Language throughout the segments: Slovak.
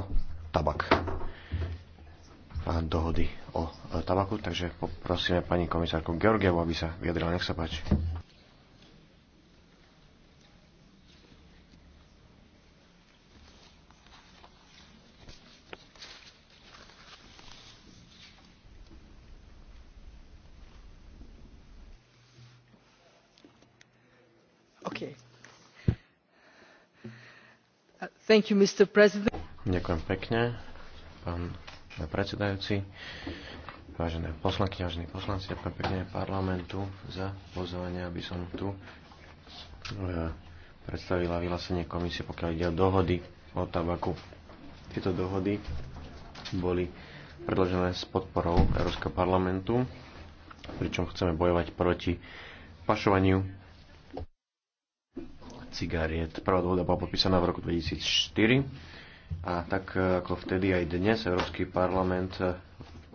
o tabak a dohody o e, tabaku, takže poprosíme pani komisárku Georgievu, aby sa vyjadrila. Nech sa páči. Uh, thank You, mr president Ďakujem pekne, pán predsedajúci, vážené poslanky, vážení poslanci, pán pekne parlamentu za pozvanie, aby som tu e, predstavila vyhlásenie komisie, pokiaľ ide o dohody o tabaku. Tieto dohody boli predložené s podporou Európskeho parlamentu, pričom chceme bojovať proti pašovaniu cigariet. Prvá dohoda bola podpísaná v roku 2004 a tak e, ako vtedy aj dnes Európsky parlament e,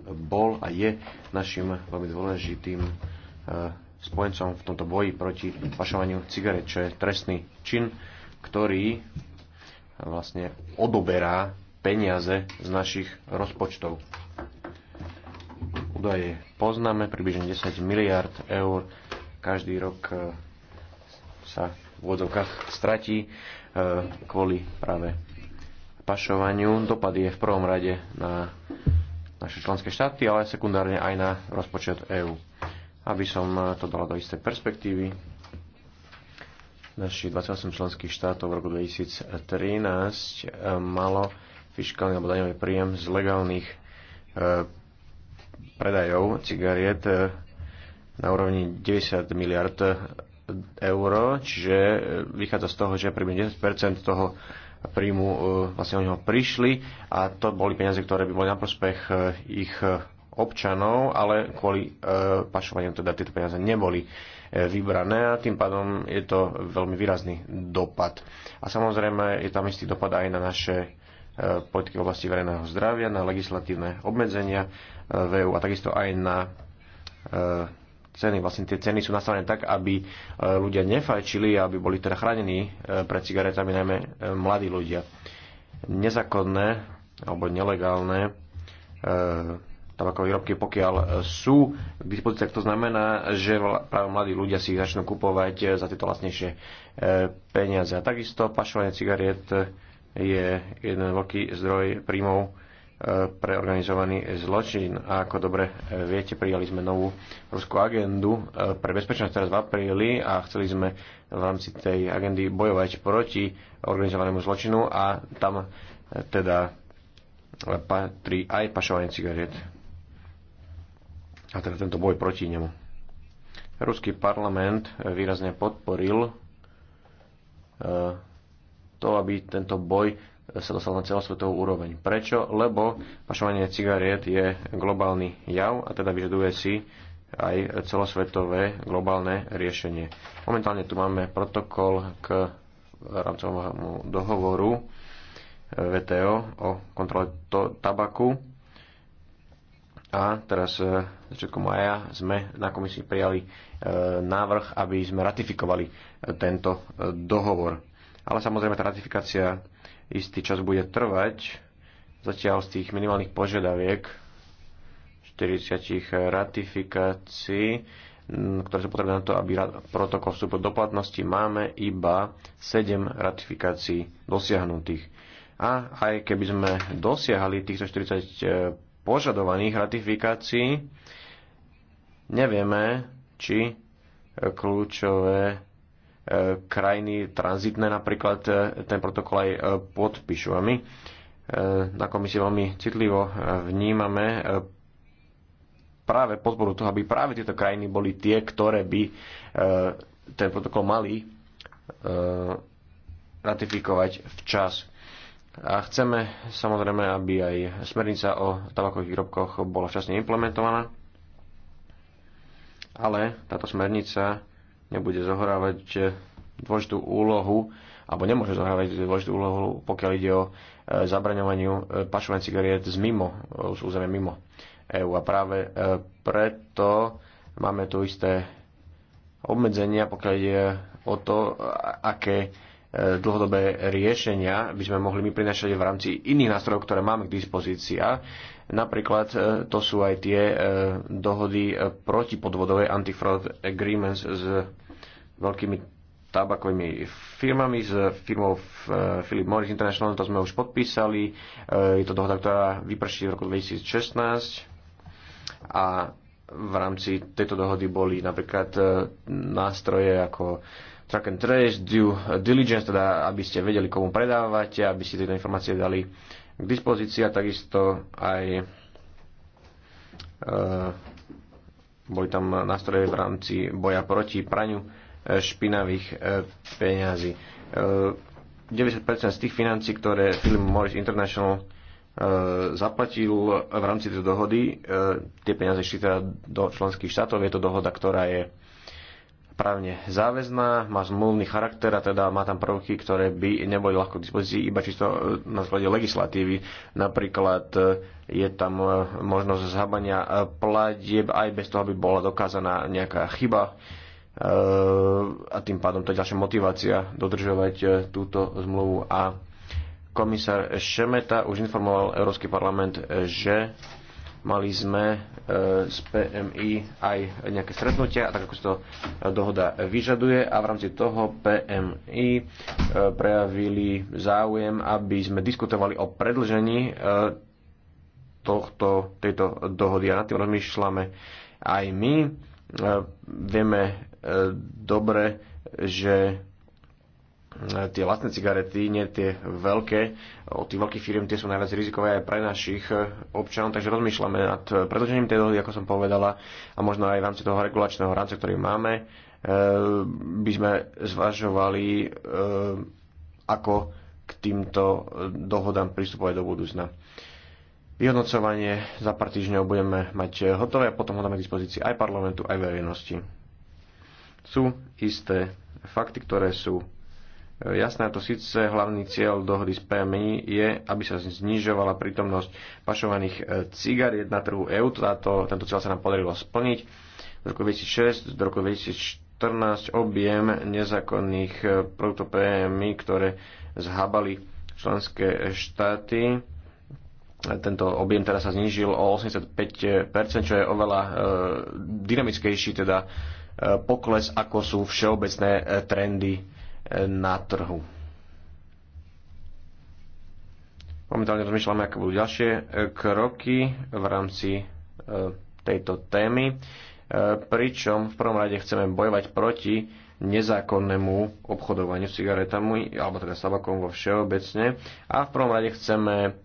bol a je našim veľmi dôležitým e, spojencom v tomto boji proti pašovaniu cigaret, čo je trestný čin, ktorý vlastne odoberá peniaze z našich rozpočtov. Údaje poznáme, približne 10 miliard eur každý rok sa v úvodzovkách stratí kvôli práve pašovaniu. Dopad je v prvom rade na naše členské štáty, ale sekundárne aj na rozpočet EÚ. Aby som eh, to dala do istej perspektívy, našich 28 členských štátov v roku 2013 eh, malo fiskálny alebo daňový príjem z legálnych eh, predajov cigariet na úrovni 90 miliard eur, čiže vychádza z toho, že približne 10 toho príjmu e, vlastne o neho prišli a to boli peniaze, ktoré by boli na prospech e, ich e, občanov, ale kvôli pašovaniu teda tieto peniaze neboli vybrané a tým pádom je to veľmi výrazný dopad. A samozrejme je tam istý dopad aj na naše politiky v oblasti verejného zdravia, na legislatívne obmedzenia v EU a takisto aj na ceny. Vlastne tie ceny sú nastavené tak, aby e, ľudia nefajčili a aby boli teda chránení e, pred cigaretami, najmä e, mladí ľudia. Nezákonné alebo nelegálne tabakové výrobky, pokiaľ sú k dispozícii, to znamená, že práve mladí ľudia si ich začnú kupovať za tieto vlastnejšie peniaze. A takisto pašovanie cigariet je jeden veľký zdroj príjmov Eh, pre organizovaný zločin. A ako dobre eh, viete, prijali sme novú ruskú agendu eh, pre bezpečnosť teraz v apríli a chceli sme v rámci tej agendy bojovať proti organizovanému zločinu a tam teda patrí aj pašovanie cigariet. A teda tento boj proti nemu. Ruský parlament výrazne podporil to, aby tento boj sa dostal na celosvetovú úroveň. Prečo? Lebo pašovanie cigariet je globálny jav a teda vyžaduje si aj celosvetové globálne riešenie. Momentálne tu máme protokol k rámcovému dohovoru eh, VTO o kontrole tabaku a teraz eh, začiatkom maja sme na komisii prijali eh, návrh, aby sme ratifikovali tento dohovor. Ale samozrejme tá ratifikácia istý čas bude trvať. Zatiaľ z tých minimálnych požiadaviek 40 ratifikácií, ktoré sú potrebné na to, aby protokol vstúpil do platnosti, máme iba 7 ratifikácií dosiahnutých. A aj keby sme dosiahali týchto 40 e, požadovaných ratifikácií, nevieme, či e, kľúčové E, krajiny tranzitné napríklad e, ten protokol aj e, podpíšu. A my na komisii veľmi citlivo vnímame práve podporu toho, aby práve tieto krajiny boli tie, ktoré by ten protokol mali ratifikovať včas. A chceme samozrejme, aby aj smernica o tabakových výrobkoch bola včasne implementovaná, ale táto smernica nebude zohrávať dôležitú úlohu, alebo nemôže zohrávať dôležitú úlohu, pokiaľ ide o e, zabraňovaniu e, pašovania cigariet z mimo, e, z územia mimo EÚ. A práve preto máme tu isté obmedzenia, pokiaľ ide o to, aké dlhodobé riešenia by sme mohli my prinašať v rámci iných nástrojov, ktoré máme k dispozícii. Napríklad e, to sú aj tie e, dohody e, protipodvodové antifraud agreements s veľkými tabakovými firmami, s firmou Philip Morris International, to sme už podpísali. Je to dohoda, ktorá vyprší v roku 2016 a v rámci tejto dohody boli napríklad nástroje ako track and trace, due diligence, teda aby ste vedeli, komu predávate, aby ste tieto informácie dali k dispozícii a takisto aj e, boli tam nástroje v rámci boja proti praniu e, špinavých e, peňazí. 90% z tých financí, ktoré film Morris International zaplatil v rámci tejto dohody, tie peniaze šli teda do členských štátov. Je to dohoda, ktorá je právne záväzná, má zmluvný charakter a teda má tam prvky, ktoré by neboli ľahko k dispozícii iba čisto e, na základe legislatívy. Napríklad e, je tam e, možnosť zhabania platieb aj bez toho, aby bola dokázaná nejaká chyba a tým pádom to je ďalšia motivácia dodržovať túto zmluvu. A komisár Šemeta už informoval Európsky parlament, že Mali sme z e, PMI aj nejaké stretnutia, tak ako si to e, dohoda vyžaduje a v rámci toho PMI e, prejavili záujem, aby sme diskutovali o predlžení tohto, tejto dohody a nad tým rozmýšľame aj my. Vieme dobre, že tie vlastné cigarety, nie tie veľké, o tých veľkých firm, tie sú najviac rizikové aj pre našich eh, občanov, takže rozmýšľame nad eh, predlžením tej dohody, ako som povedala, a možno aj v rámci toho regulačného rámca, ktorý máme, eh, by sme zvažovali, ako k týmto dohodám pristupovať do budúcna. Vyhodnocovanie za pár týždňov budeme mať hotové a potom ho dáme k dispozícii aj parlamentu, aj verejnosti. Sú isté fakty, ktoré sú Jasné, to síce hlavný cieľ dohody s PMI je, aby sa znižovala prítomnosť pašovaných e, cigariet na trhu EÚ. Teda tento cieľ sa nám podarilo splniť. V roku 2006 do roku 2014 objem nezákonných e, produktov PMI, ktoré zhabali členské štáty, e, tento objem teda sa znížil o 85%, čo je oveľa dynamickejší teda pokles, ako sú všeobecné trendy na trhu. Momentálne rozmýšľame, aké budú ďalšie e, kroky v rámci e, tejto témy, e, pričom v prvom rade chceme bojovať proti nezákonnému obchodovaniu s cigaretami, alebo teda sabakom vo všeobecne. A v prvom rade chceme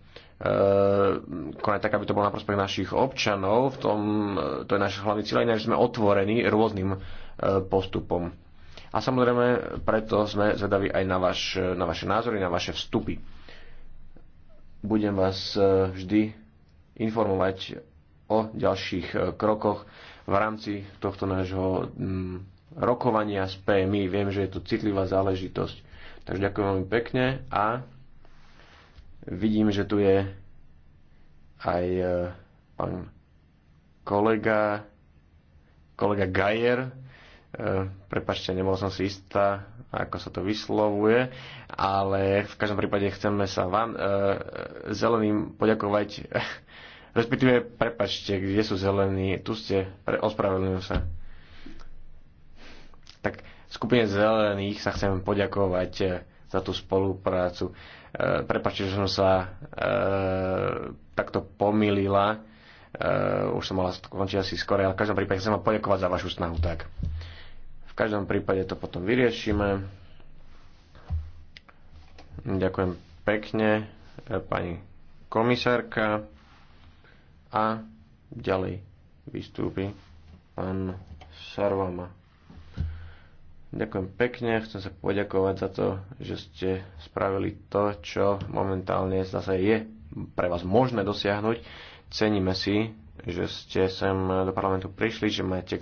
konať tak, aby to bolo na prospech našich občanov. V tom, to je náš hlavný cieľ, ináč sme otvorení rôznym postupom. A samozrejme, preto sme zvedaví aj na, vaš, na vaše názory, na vaše vstupy. Budem vás e, vždy informovať o ďalších e, krokoch v rámci tohto nášho mm, rokovania s PMI. Viem, že je to citlivá záležitosť. Takže ďakujem veľmi pekne a vidím, že tu je aj e, pán kolega, kolega Gajer, E, prepačte, nebol som si istá, ako sa to vyslovuje, ale v každom prípade chceme sa vám, e, zeleným, poďakovať, respektíve, prepačte, kde sú zelení, tu ste, pre, ospravedlňujem sa. Tak skupine zelených sa chcem poďakovať e, za tú spoluprácu. E, prepačte, že som sa e, takto pomýlila, e, už som mala skončiť asi skore, ale v každom prípade chcem vám poďakovať za vašu snahu, tak. V každom prípade to potom vyriešime. Ďakujem pekne, e, pani komisárka. A ďalej vystúpi pán Sarvama. Ďakujem pekne, chcem sa poďakovať za to, že ste spravili to, čo momentálne zase je pre vás možné dosiahnuť. Ceníme si že ste sem do parlamentu prišli, že máte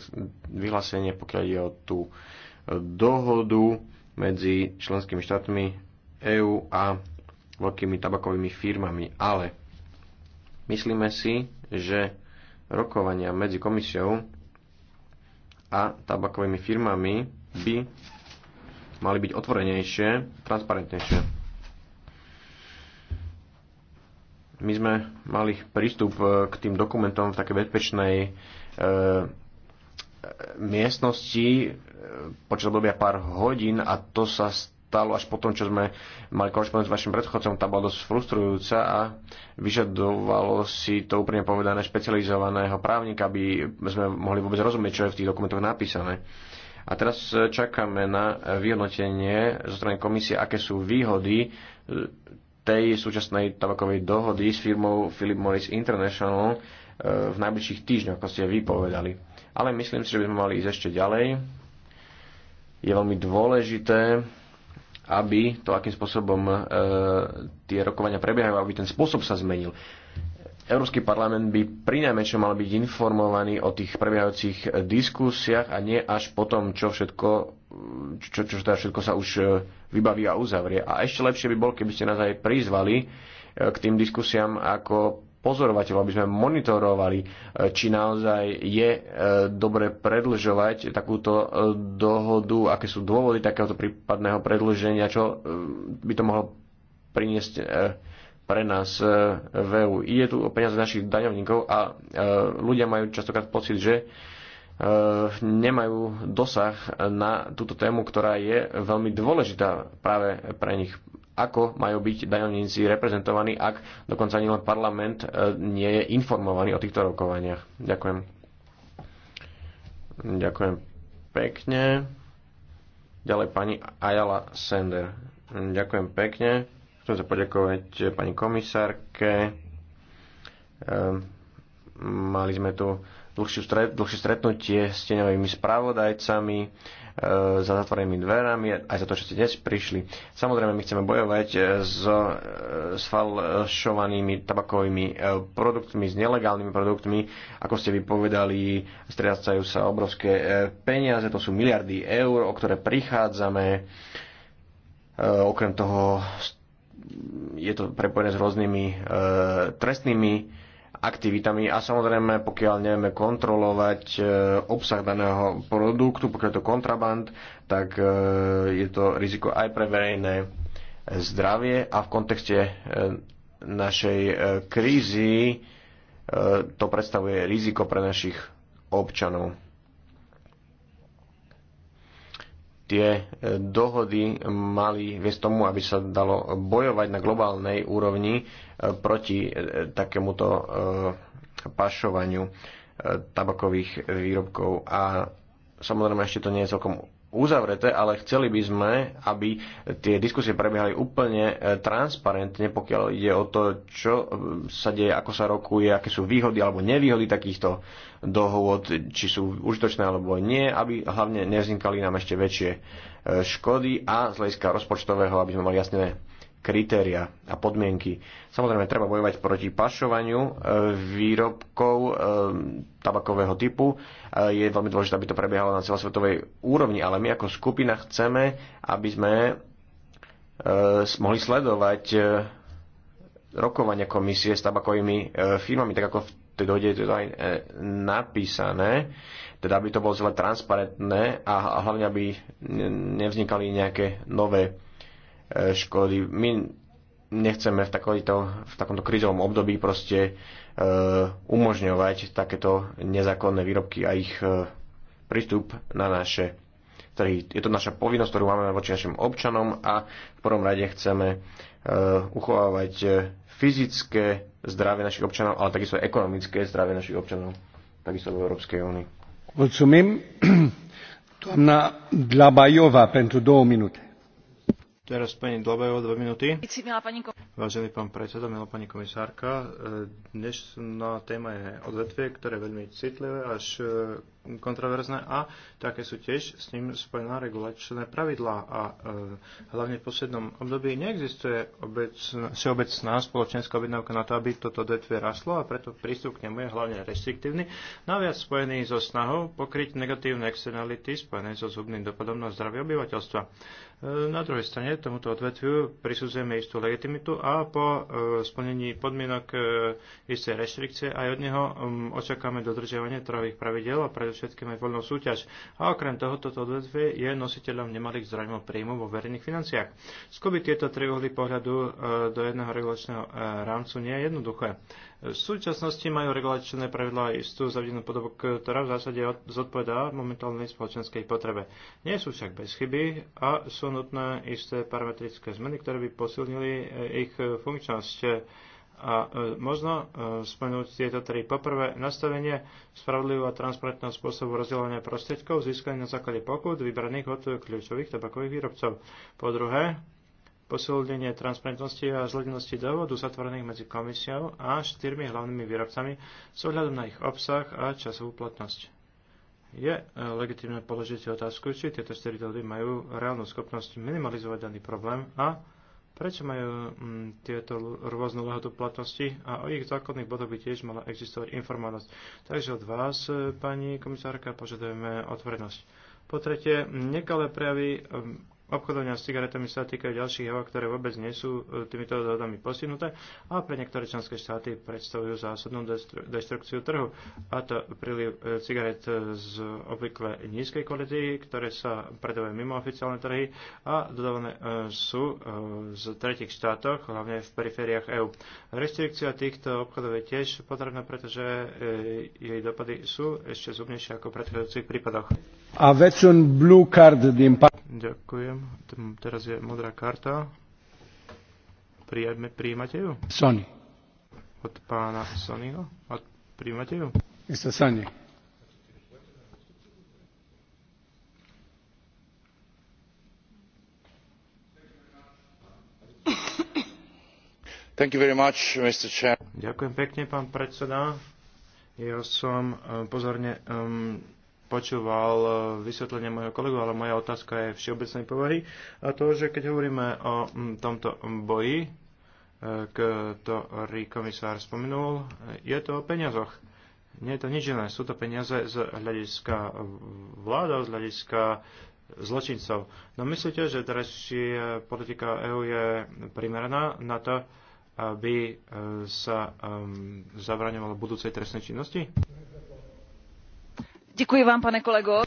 vyhlásenie, pokiaľ je o tú e, dohodu medzi členskými štátmi EÚ a veľkými tabakovými firmami. Ale myslíme si, že rokovania medzi komisiou a tabakovými firmami by mali byť otvorenejšie, transparentnejšie my sme mali prístup e, k tým dokumentom v takej bezpečnej e, e miestnosti e, počas obdobia pár hodín a to sa stalo až potom, čo sme mali korešpondenciu s vašim predchodcom, tá bola dosť frustrujúca a vyžadovalo si to úplne povedané špecializovaného právnika, aby sme mohli vôbec rozumieť, čo je v tých dokumentoch napísané. A teraz čakáme na vyhodnotenie zo strany komisie, aké sú výhody tej súčasnej tabakovej dohody s firmou Philip Morris International e, v najbližších týždňoch, ako ste vypovedali. Ale myslím si, že by sme mali ísť ešte ďalej. Je veľmi dôležité, aby to, akým spôsobom e, tie rokovania prebiehajú, aby ten spôsob sa zmenil. Európsky parlament by prinajmenšom mal byť informovaný o tých prebiehajúcich diskusiách a nie až po tom, čo všetko čo, čo teda všetko sa už e, vybaví a uzavrie. A ešte lepšie by bol, keby ste nás aj prizvali e, k tým diskusiám ako pozorovateľov, aby sme monitorovali, e, či naozaj je dobre predlžovať takúto dohodu, aké sú dôvody takéhoto prípadného predlženia, čo by to mohlo priniesť pre nás v EU. Ide tu o peniaze našich daňovníkov a ľudia majú častokrát pocit, že nemajú dosah na túto tému, ktorá je veľmi dôležitá práve pre nich ako majú byť daňovníci reprezentovaní, ak dokonca ani len parlament e, nie je informovaný o týchto rokovaniach. Ďakujem. Ďakujem pekne. Ďalej pani Ayala Sender. Ďakujem pekne. Chcem sa poďakovať pani komisárke. Ehm, mali sme tu dlhšiu stret, dlhšie stretnutie s teňovými spravodajcami e, za zatvorenými dverami, aj za to, že ste dnes prišli. Samozrejme, my chceme bojovať e, s, e, s falšovanými tabakovými e, produktmi, s nelegálnymi produktmi. Ako ste vypovedali, striacajú sa obrovské peniaze, to sú miliardy eur, o ktoré prichádzame. E, okrem toho je to prepojené s rôznymi e, trestnými aktivitami a samozrejme, pokiaľ nevieme kontrolovať e, obsah daného produktu, pokiaľ je to kontraband, tak e, je to riziko aj pre verejné zdravie a v kontexte e, našej krízy to predstavuje riziko pre našich občanov. tie e, dohody mali viesť tomu, aby sa dalo bojovať na globálnej úrovni e, proti e, takémuto pašovaniu tabakových výrobkov. A samozrejme ešte to nie je celkom uzavreté, ale chceli by sme, aby tie diskusie prebiehali úplne e, transparentne, pokiaľ ide o to, čo e, sa deje, ako sa rokuje, aké sú výhody alebo nevýhody takýchto dohôd, či sú užitočné alebo nie, aby hlavne nevznikali nám ešte väčšie e, škody a z hľadiska rozpočtového, aby sme mali jasné kritéria a podmienky. Samozrejme, treba bojovať proti pašovaniu e, výrobkov e, tabakového typu. E, je veľmi dôležité, aby to prebiehalo na celosvetovej úrovni, ale my ako skupina chceme, aby sme mohli sledovať rokovania komisie s tabakovými firmami, tak ako v tej dohode je to aj napísané, teda aby to bolo celé transparentné a hlavne aby nevznikali nejaké nové E, školy. My nechceme v, takomto, v takomto krizovom období proste e, umožňovať takéto nezákonné výrobky a ich e, prístup na naše trhy. Je to naša povinnosť, ktorú máme voči našim občanom a v prvom rade chceme uchovávať fyzické zdravie našich občanov, ale takisto ekonomické zdravie našich občanov, takisto v Európskej únii. Mulțumim. Doamna Dlabaiova pentru două minute. Teraz pani Dlabajová, dve minúty. Vážený pán predseda, milá pani komisárka, e, dnešná téma je odvetvie, ktoré je veľmi citlivé až e, kontroverzné a také sú tiež s ním spojená regulačné pravidlá a e, hlavne v poslednom období neexistuje všeobecná spoločenská objednávka na to, aby toto odvetvie rastlo a preto prístup k nemu je hlavne restriktívny, naviac spojený so snahou pokryť negatívne externality spojené so zubným dopadom na zdravie obyvateľstva. Na druhej strane tomuto odvetviu prisudzujeme istú legitimitu a po e, splnení podmienok e, isté reštrikcie aj od neho očakáme dodržiavanie trhových pravidel a predovšetkým aj voľnú súťaž. A okrem toho toto odvetvie je nositeľom nemalých zdrojov príjmu vo verejných financiách. Skúbiť tieto tri uhly pohľadu e, do jedného regulačného rámcu nie je jednoduché. V súčasnosti majú regulačné pravidlá istú zavdenú podobu, ktorá v zásade zodpovedá momentálnej spoločenskej potrebe. Nie sú však bez chyby a sú nutné isté parametrické zmeny, ktoré by posilnili eh, ich eh, funkčnosť. A eh, možno spomenúť tieto tri. Poprvé, nastavenie spravodlivého a transparentného spôsobu rozdielania prostriedkov získaných na základe pokut vybraných od kľúčových tabakových výrobcov. Po druhé, posilnenie transparentnosti a zledenosti dohodu zatvorených medzi komisiou a štyrmi hlavnými výrobcami s ohľadom na ich obsah a časovú platnosť. Je e, legitimné položiť otázku, či tieto štyri dohody majú reálnu schopnosť minimalizovať daný problém a prečo majú m, mm, tieto rôzne lehotu platnosti a o ich základných bodoch by tiež mala existovať informovanosť. Takže od vás, e, pani komisárka, požadujeme otvorenosť. Po tretie, nekalé prejavy Obchodovania s cigaretami sa týkajú ďalších javov, ktoré vôbec nie sú e, týmito dohodami postihnuté a pre niektoré členské štáty predstavujú zásadnú deštrukciu trhu. A to príliv e, cigaret z obvykle nízkej kvality, ktoré sa predávajú mimo oficiálne trhy a dodávané e, sú z tretich štátoch, hlavne v perifériách EÚ. Restrikcia týchto obchodov je tiež potrebná, pretože jej dopady sú ešte zubnejšie ako v predchádzajúcich prípadoch. A blue card Ďakujem Ďakujem. Teraz je modrá karta. Prijadme, prijímate ju? Sony. Od pána Sonyho? A prijímate ju? Isto Sony. Thank you very much, Mr. Chair. Ďakujem pekne, pán predseda. Ja som eh, pozorne um, počúval e, vysvetlenie môjho kolegu, ale moja otázka je všeobecnej povahy. A to, že keď hovoríme o tomto boji, e, ktorý komisár spomenul, e, je to o peniazoch. Nie je to nič iné. Sú to peniaze z hľadiska vláda, z hľadiska zločincov. No myslíte, že terajšia politika EÚ je primeraná na to, aby sa um, zabraňovalo budúcej trestnej činnosti? Ďakujem vám, pane kolego.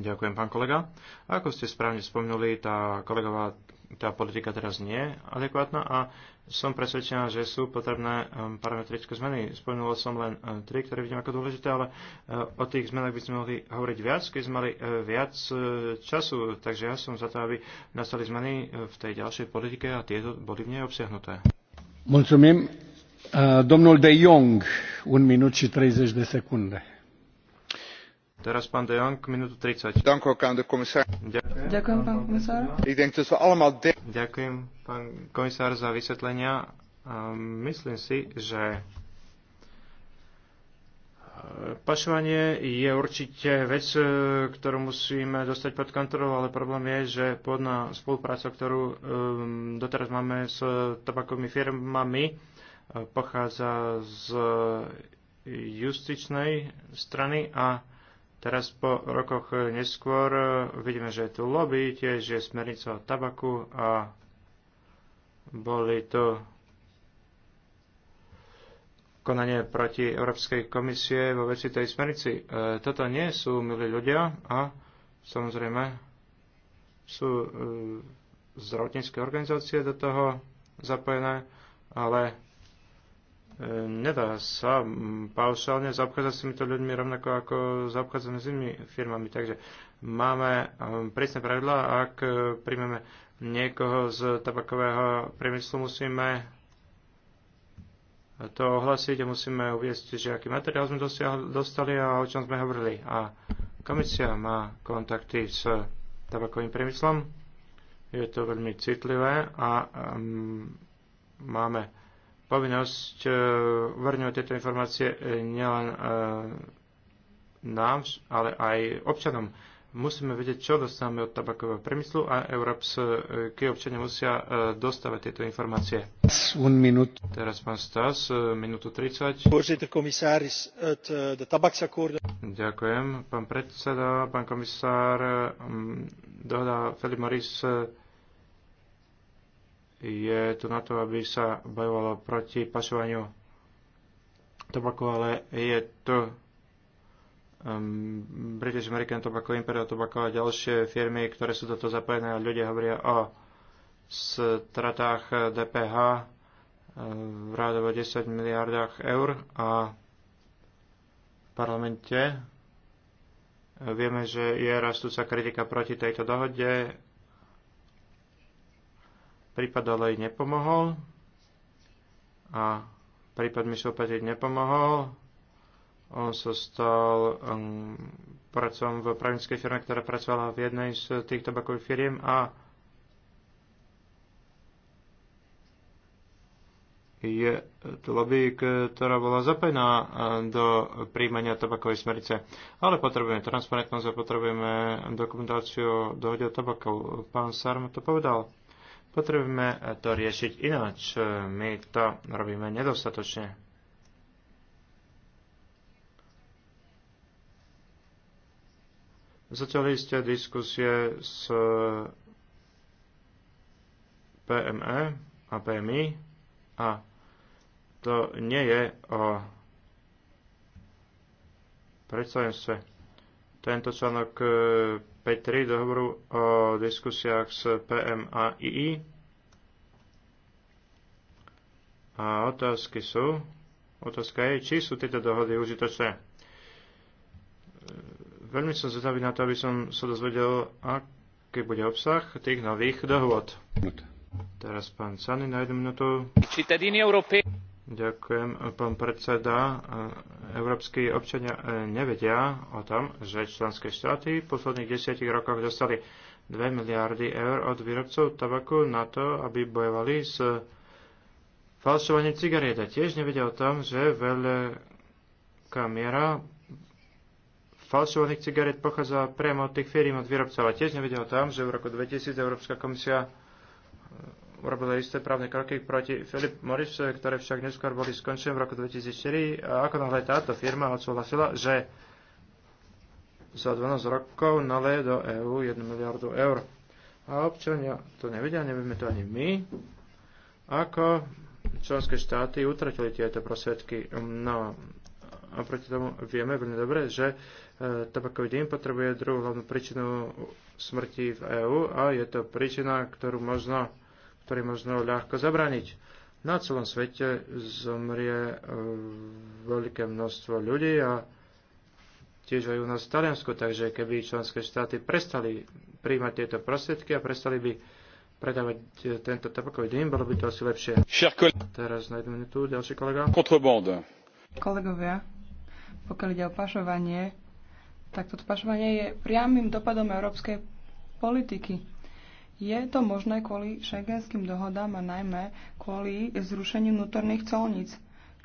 Ďakujem, pán kolega. Ako ste správne spomenuli, tá kolegová tá politika teraz nie je adekvátna a som presvedčená, že sú potrebné um, parametrické zmeny. Spomenul som len uh, tri, ktoré vidím ako dôležité, ale uh, o tých zmenách by sme mohli hovoriť viac, keď sme mali uh, viac času. Takže ja som za to, aby nastali zmeny v tej ďalšej politike a tieto boli v nej obsiahnuté. Mulțumim. Domnul De Jong, 1 minút 30 sekúnd. Teraz pán De Jong, minútu 30. Ďakujem. Ďakujem, pán komisár. Ďakujem, pán komisár, za vysvetlenia. Myslím si, že e, Pašovanie je určite vec, e, ktorú musíme dostať pod kontrolu, ale problém je, že pôvodná spolupráca, ktorú e, doteraz máme s tabakovými firmami, pochádza z justičnej strany a Teraz po rokoch neskôr e, vidíme, že je tu lobby, tiež je smernica o tabaku a boli to konanie proti Európskej komisie vo veci tej smernici. E, toto nie sú milí ľudia a samozrejme sú e, zdravotnícke organizácie do toho zapojené, ale nedá sa paušálne zaobchádzať s týmito ľuďmi rovnako ako zaobchádzame s inými firmami. Takže máme presné pravidla, ak e, príjmeme niekoho z tabakového priemyslu, musíme to ohlasiť a musíme uviesť, že aký materiál sme dostali a o čom sme hovorili. A komisia má kontakty s tabakovým priemyslom. Je to veľmi citlivé a um, máme povinnosť uverňovať e, tieto informácie e, nielen e, nám, ale aj občanom. Musíme vedieť, čo dostávame od tabakového priemyslu a európske občania musia dostávať tieto informácie. Teraz pán Stas, minútu 30. Ďakujem, pán predseda, pán komisár. Dohoda Felipe Morris je tu na to, aby sa bojovalo proti pašovaniu tobaku, ale je to um, British American Tobacco, Imperial Tobacco a ďalšie firmy, ktoré sú do toho zapojené a ľudia hovoria o stratách DPH um, v rádovo 10 miliardách eur a v parlamente vieme, že je rastúca kritika proti tejto dohode prípad ale jej nepomohol a prípad mi sa opäť nepomohol. On sa stal um, pracom v právnickej firme, ktorá pracovala v jednej z tých tabakových firiem a je to lobby, ktorá bola zapojená do príjmania tabakovej smerice. Ale potrebujeme transparentnosť a potrebujeme dokumentáciu o dohode o tabakov. Pán Sarm to povedal. Potrebujeme to riešiť ináč. My to robíme nedostatočne. Začali ste diskusie s PME a PMI a to nie je o predstavenstve. Tento článok 5.3 dohovoru o diskusiách s PMAII. A otázky sú, otázka je, či sú tieto dohody užitočné. Veľmi som zvedavý na to, aby som sa dozvedel, aký bude obsah tých nových dohôd. Teraz pán Sany na jednu minútu. Či tedy Ďakujem, pán predseda. Eh, európsky občania eh, nevedia o tom, že členské štáty v posledných desiatich rokoch dostali 2 miliardy eur od výrobcov tabaku na to, aby bojovali s falšovaním cigariet. A tiež nevedia o tom, že veľká miera falšovaných cigaret pochádza priamo od tých firiem, od výrobcov. A tiež nevedia o tom, že v roku 2000 Európska komisia Urobili isté právne kroky proti Philip Morris, ktoré však neskôr boli skončené v roku 2004. A ako náhle táto firma odsúhlasila, že za 12 rokov nalé do EÚ 1 miliardu eur. A občania to nevedia, nevieme to ani my, ako členské štáty utratili tieto prosvedky. No, a proti tomu vieme veľmi dobre, že e, tabakový dým potrebuje druhú hlavnú príčinu smrti v EÚ a je to príčina, ktorú možno ktorý možno ľahko zabraniť. Na celom svete zomrie e, veľké množstvo ľudí a tiež aj u nás v Taliansku, takže keby členské štáty prestali príjmať tieto prostriedky a prestali by predávať e, tento tabakový dým, bolo by to asi lepšie. Kole... Teraz na tu, ďalší kolega. Kontrabanda. Kolegovia, pokiaľ ide o pašovanie, tak toto pašovanie je priamým dopadom európskej politiky. Je to možné kvôli šengenským dohodám a najmä kvôli zrušeniu vnútorných colníc.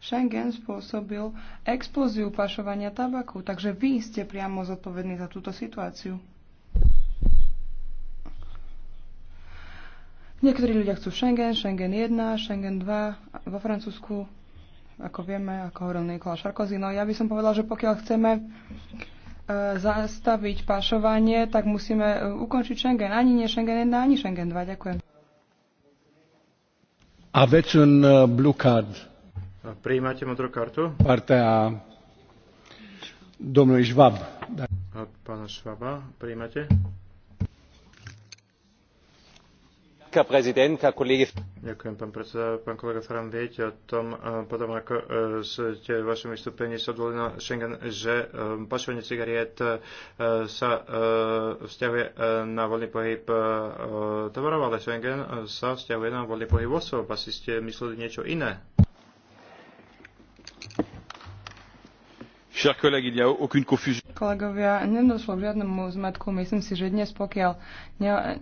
Schengen spôsobil explóziu pašovania tabaku, takže vy ste priamo zodpovední za túto situáciu. Niektorí ľudia chcú Schengen, Schengen 1, Schengen 2 vo Francúzsku, ako vieme, ako hovoril Nikola Sarkozy. No ja by som povedal, že pokiaľ chceme zastaviť pašovanie, tak musíme e, ukončiť Schengen. Ani nie Schengen 1, ani Schengen 2. Ďakujem. A un e, blue card. Prijímate modrú kartu? Partea domnului Schwab. Pána Schwaba, prijímate? Ďakujem, pán predseda. Pán kolega Ferran, viete o tom, e, potom ako e, ste v vašom vystúpení sa na Schengen, že e, pašovanie cigariet sa vzťahuje na voľný pohyb tovarov, ale Schengen sa vzťahuje na voľný pohyb osôb. Asi ste mysleli niečo iné. Kolegovia, nedošlo k žiadnemu zmetku. Myslím si, že dnes, pokiaľ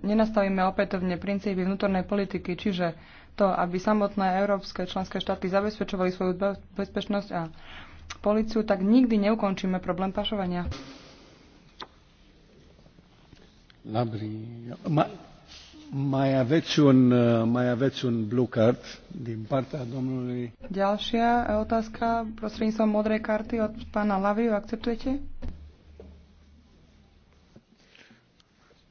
nenastavíme opätovne princípy vnútornej politiky, čiže to, aby samotné európske členské štáty zabezpečovali svoju bezpečnosť a policiu, tak nikdy neukončíme problém pašovania. Dobrý. Ma... Uh, Ďalšia e, otázka prostredníctvom modrej karty od pána Laviu. Akceptujete?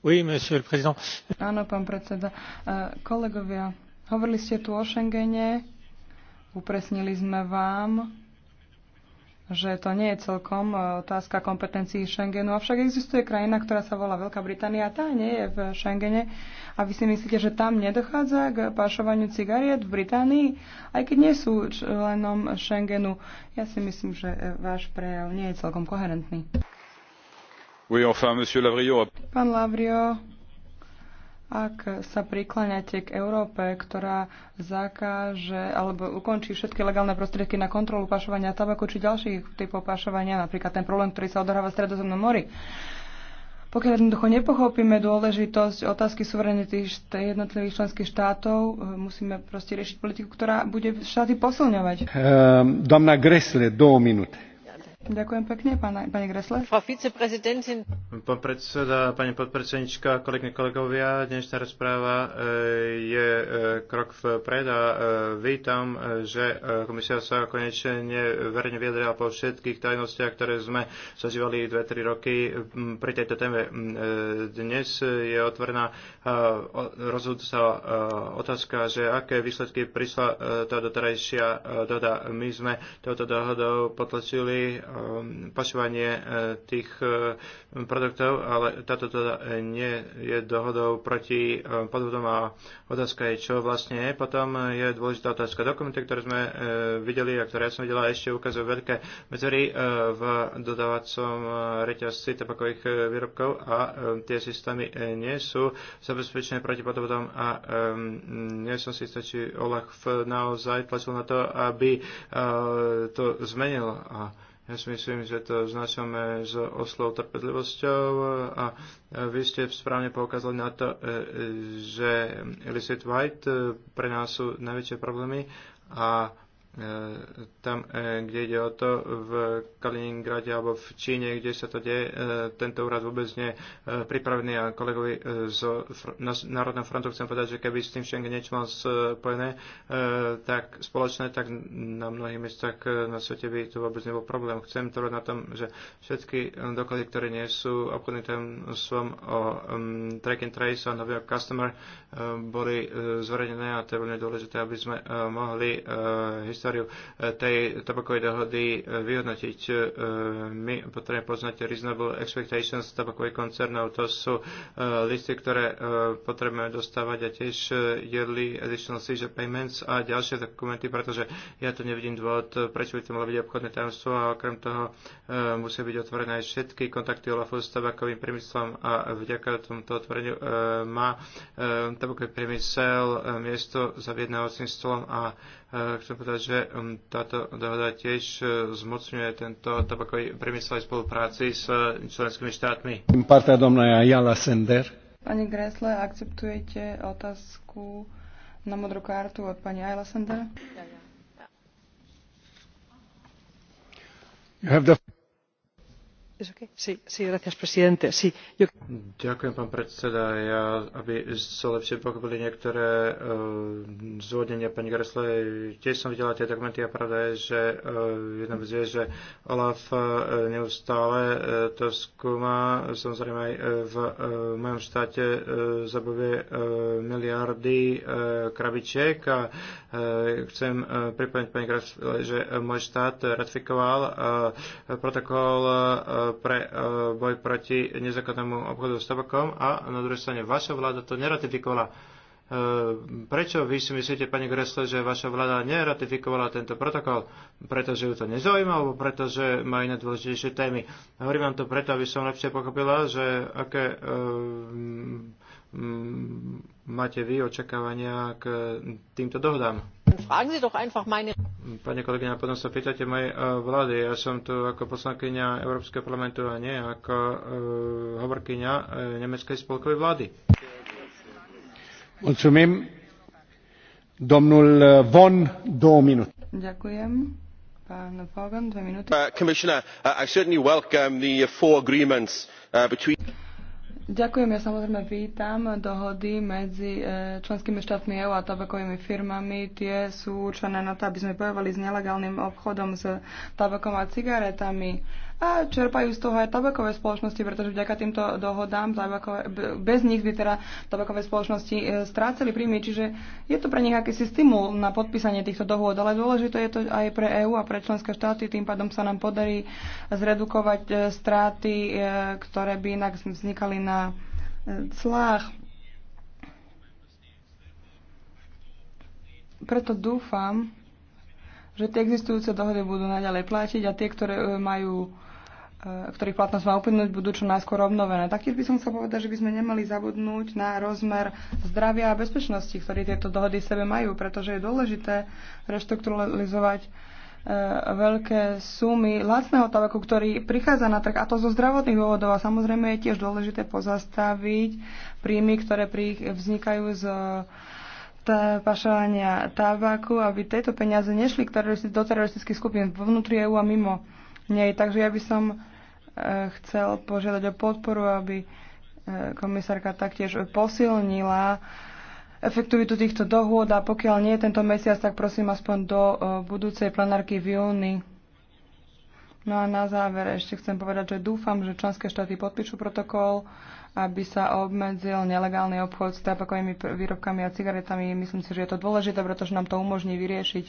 Oui, monsieur le président. Áno, pán predseda. E, kolegovia, hovorili ste tu o Schengene, upresnili sme vám že to nie je celkom e, otázka kompetencií Schengenu. Avšak existuje krajina, ktorá sa volá Veľká Británia a tá nie je v Schengene. A vy si myslíte, že tam nedochádza k pašovaniu cigariet v Británii, aj keď nie sú členom Schengenu? Ja si myslím, že e, váš prejav nie je celkom koherentný. Oui, enfin, monsieur Lavrio. Pán Lavrio, ak sa prikláňate k Európe, ktorá zakáže alebo ukončí všetky legálne prostriedky na kontrolu pašovania tabaku či ďalších typov pašovania, napríklad ten problém, ktorý sa odohráva v Stredozemnom mori, pokiaľ jednoducho nepochopíme dôležitosť otázky suverenity jednotlivých členských štátov, eh, musíme proste riešiť politiku, ktorá bude štáty posilňovať. Um, ehm, Domna Gresle, do minúty. Ďakujem pekne, pani Gresle. Pán predseda, pani podpredsednička, kolegyne, kolegovia, dnešná rozpráva eh, je eh, krok vpred a eh, vítam, že komisia sa konečne verejne vyjadrila po všetkých tajnostiach, ktoré sme zažívali 2-3 roky pri tejto téme. Dnes je otvorená sa otázka, že aké výsledky prišla tá doterajšia dohoda. My sme touto dohodou potlačili Ehm, pašovanie eh, tých eh, produktov, ale táto teda eh, nie je dohodou proti podvodom a otázka je, čo vlastne je. Potom je dôležitá otázka. Dokumenty, ktoré sme videli a ktoré ja som videla, ešte ukazujú veľké medzery v dodávacom reťazci tabakových výrobkov a tie systémy nie sú zabezpečené proti podvodom a ehm, nie som si stačí či Olaf naozaj tlačil na to, aby to zmenil. A ja si myslím, že to značame s oslov trpedlivosťou a vy ste správne poukázali na to, e, že Elizabeth white e, pre nás sú najväčšie problémy a E, tam, e, kde ide o to, v Kaliningrade alebo v Číne, kde sa to deje, e, tento úrad vôbec nie je pripravený a kolegovi z Národného frontu chcem povedať, že keby s tým Schengen niečo mal spojené, tak spoločné, tak na mnohých miestach na svete by to vôbec nebol problém. Chcem to na tom, že všetky doklady, ktoré nie sú obchodným tajomstvom o um, track and trace a nového customer, boli zverejnené a to je veľmi dôležité, aby sme mohli uh, históriu eh, tej tabakovej dohody eh, vyhodnotiť. Eh, my potrebujeme poznať reasonable expectations tabakovej koncernov. To sú listy, ktoré potrebujeme dostávať a tiež yearly additional seizure payments a ďalšie dokumenty, pretože ja tu nevidím dôvod, prečo by to malo byť obchodné tajomstvo a okrem toho musia byť otvorené aj všetky kontakty Olafu s tabakovým priemyslom a vďaka tomuto otvoreniu má tabakový priemysel miesto za jednávacím stolom a E, chcem povedať, že um, táto dohoda tiež e, zmocňuje tento tabakový priemysel aj spolupráci s e, členskými štátmi. Partia domná Jala Sender. Pani Gresle, akceptujete otázku na modrú kartu od pani Ayla Sender? You have the Ďakujem, pán predseda. Ja, aby ste lepšie pochopili niektoré uh, eh, zvodnenia pani Gresle, tiež som videla tie dokumenty a pravda je, že uh, jedna vec je, že Olaf uh, neustále uh, to skúma. Samozrejme aj v uh, mojom štáte uh, zabavuje uh, miliardy uh, krabičiek a uh, chcem uh, pripomenúť pani Gresle, že uh, môj štát ratifikoval uh, protokol uh, pre e, boj proti nezakonnému obchodu s tabakom a na druhej strane vaša vláda to neratifikovala. E, prečo vy si myslíte, pani Gresle, že vaša vláda neratifikovala tento protokol? Pretože ju to nezaujíma, alebo pretože má iné dôležitejšie témy? Hovorím vám to preto, aby som lepšie pochopila, že aké uh, Mm, máte vy očakávania k týmto dohodám? Pane kolegyňa, potom sa pýtate mojej e, vlády. Ja som tu ako poslankyňa Európskeho parlamentu a nie ako uh, hovorkyňa uh, Nemeckej spolkovej vlády. Domnul Von, Ďakujem. Pán dve minúty. Uh, Commissioner, uh, I certainly welcome the uh, four agreements uh, between... Ďakujem, ja samozrejme vítam dohody medzi e, členskými štátmi EU a tabakovými firmami. Tie sú určené na to, aby sme bojovali s nelegálnym obchodom s tabakom a cigaretami a čerpajú z toho aj tabakové spoločnosti, pretože vďaka týmto dohodám tabakové, bez nich by teda tabakové spoločnosti e, strácali príjmy, čiže je to pre nich akýsi stimul na podpísanie týchto dohôd, ale dôležité je to aj pre EÚ a pre členské štáty, tým pádom sa nám podarí zredukovať e, stráty, e, ktoré by inak vznikali na clách. Preto dúfam, že tie existujúce dohody budú naďalej platiť a tie, ktoré majú E, ktorých platnosť má uplynúť, budú čo najskôr obnovené. Taktiež by som chcel povedať, že by sme nemali zabudnúť na rozmer zdravia a bezpečnosti, ktorý tieto dohody sebe majú, pretože je dôležité reštrukturalizovať e, veľké sumy lacného tabaku, ktorý prichádza na trh, a to zo zdravotných dôvodov. A samozrejme je tiež dôležité pozastaviť príjmy, ktoré vznikajú z pašovania tabaku, aby tieto peniaze nešli do teroristických skupín vnútri EU a mimo nej. Takže ja by som chcel požiadať o podporu, aby e, komisárka taktiež posilnila efektivitu týchto dohôd a pokiaľ nie tento mesiac, tak prosím aspoň do e, budúcej plenárky v júni. No a na záver ešte chcem povedať, že dúfam, že členské štáty podpíšu protokol, aby sa obmedzil nelegálny obchod s tabakovými výrobkami a cigaretami. Myslím si, že je to dôležité, pretože nám to umožní vyriešiť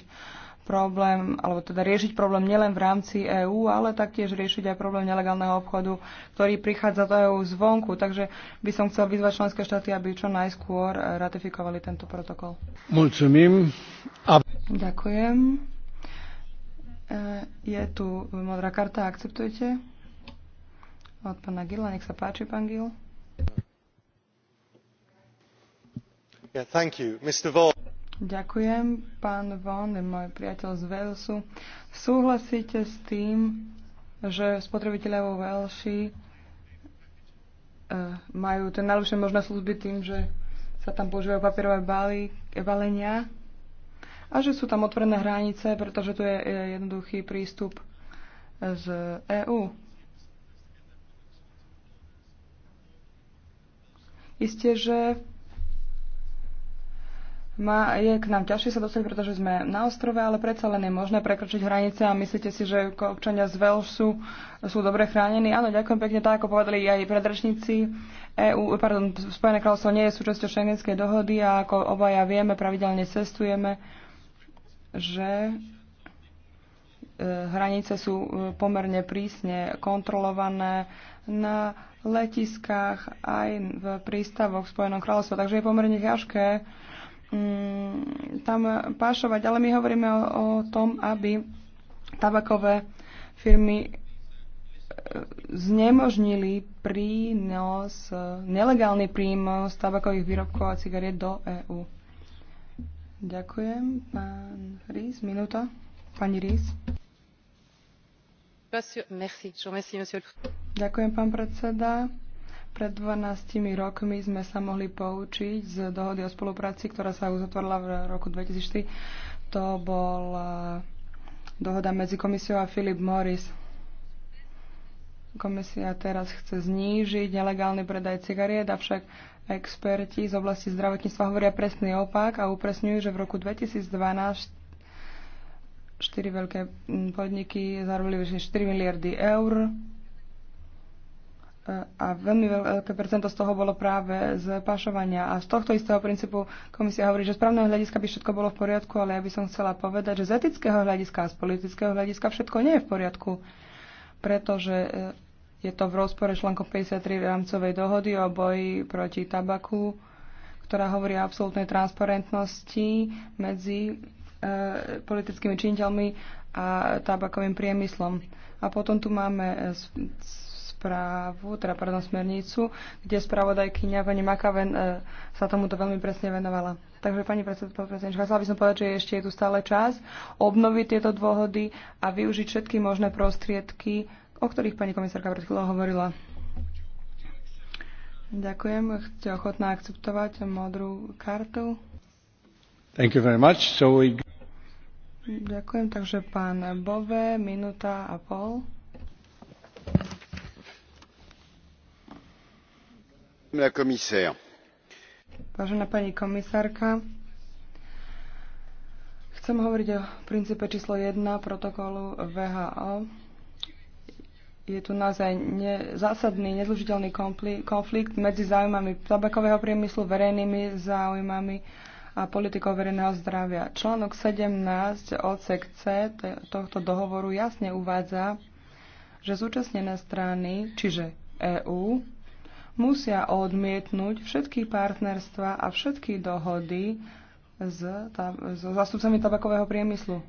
problém, alebo teda riešiť problém nielen v rámci EÚ, ale taktiež riešiť aj problém nelegálneho obchodu, ktorý prichádza do EÚ zvonku. Takže by som chcel vyzvať členské štáty, aby čo najskôr e, ratifikovali tento protokol. Mulcumim. A... Ďakujem. E, je tu modrá karta, akceptujete? Od pána Gila, nech sa páči, pán Gil. Yeah, thank you. Mr. Vol Ďakujem. Pán Von, môj priateľ z Walesu. Súhlasíte s tým, že spotrebitelia vo Velši eh, majú ten najlepšie možné služby tým, že sa tam používajú papierové balí, balenia a že sú tam otvorené hranice, pretože tu je jednoduchý prístup z EÚ. Isté, že má, je k nám ťažšie sa dostať, pretože sme na ostrove, ale predsa len je možné prekročiť hranice a myslíte si, že občania z Velsu sú dobre chránení? Áno, ďakujem pekne, tak ako povedali aj predrečníci. EU, pardon, Spojené kráľovstvo nie je súčasťou šengenskej dohody a ako obaja vieme, pravidelne cestujeme, že e, hranice sú e, pomerne prísne kontrolované na letiskách aj v prístavoch v Spojenom kráľovstve, takže je pomerne ťažké Mm, tam pášovať. Ale my hovoríme o, o tom, aby tabakové firmy e, znemožnili prínos, nelegálny prínos tabakových výrobkov a cigariet do EÚ. Ďakujem. Pán Rís, minúta. Pani Rís. Ďakujem, pán predseda. Pred 12 rokmi sme sa mohli poučiť z dohody o spolupráci, ktorá sa uzatvorila v roku 2004. To bol eh, dohoda medzi komisiou a Philip Morris. Komisia teraz chce znížiť nelegálny predaj cigariet, avšak experti z oblasti zdravotníctva hovoria presný opak a upresňujú, že v roku 2012 štyri veľké podniky zarobili vyše 4 miliardy eur a veľmi veľké percento z toho bolo práve z pašovania. A z tohto istého princípu komisia hovorí, že z právneho hľadiska by všetko bolo v poriadku, ale ja by som chcela povedať, že z etického hľadiska a z politického hľadiska všetko nie je v poriadku, pretože e, je to v rozpore článkom 53 rámcovej dohody o boji proti tabaku, ktorá hovorí o absolútnej transparentnosti medzi e, politickými činiteľmi a tabakovým priemyslom. A potom tu máme e, správu, teda pardon, smernicu, kde spravodajkyňa pani Makaven e, sa tomuto veľmi presne venovala. Takže pani predsednička, chcela by som povedať, že ešte je tu stále čas obnoviť tieto dôhody a využiť všetky možné prostriedky, o ktorých pani komisárka pred chvíľou hovorila. Ďakujem. Chcete ochotná akceptovať modrú kartu? Thank you very much. So we... Ďakujem. Takže pán Bove, minúta a pol. Vážená pani komisárka, chcem hovoriť o princípe číslo 1 protokolu VHO. Je tu naozaj ne, zásadný, nezlučiteľný konflikt medzi záujmami tabakového priemyslu, verejnými záujmami a politikou verejného zdravia. Článok 17 odsek C tohto dohovoru jasne uvádza, že zúčastnené strany, čiže EÚ, musia odmietnúť všetky partnerstva a všetky dohody s, tá, s zastupcami tabakového priemyslu.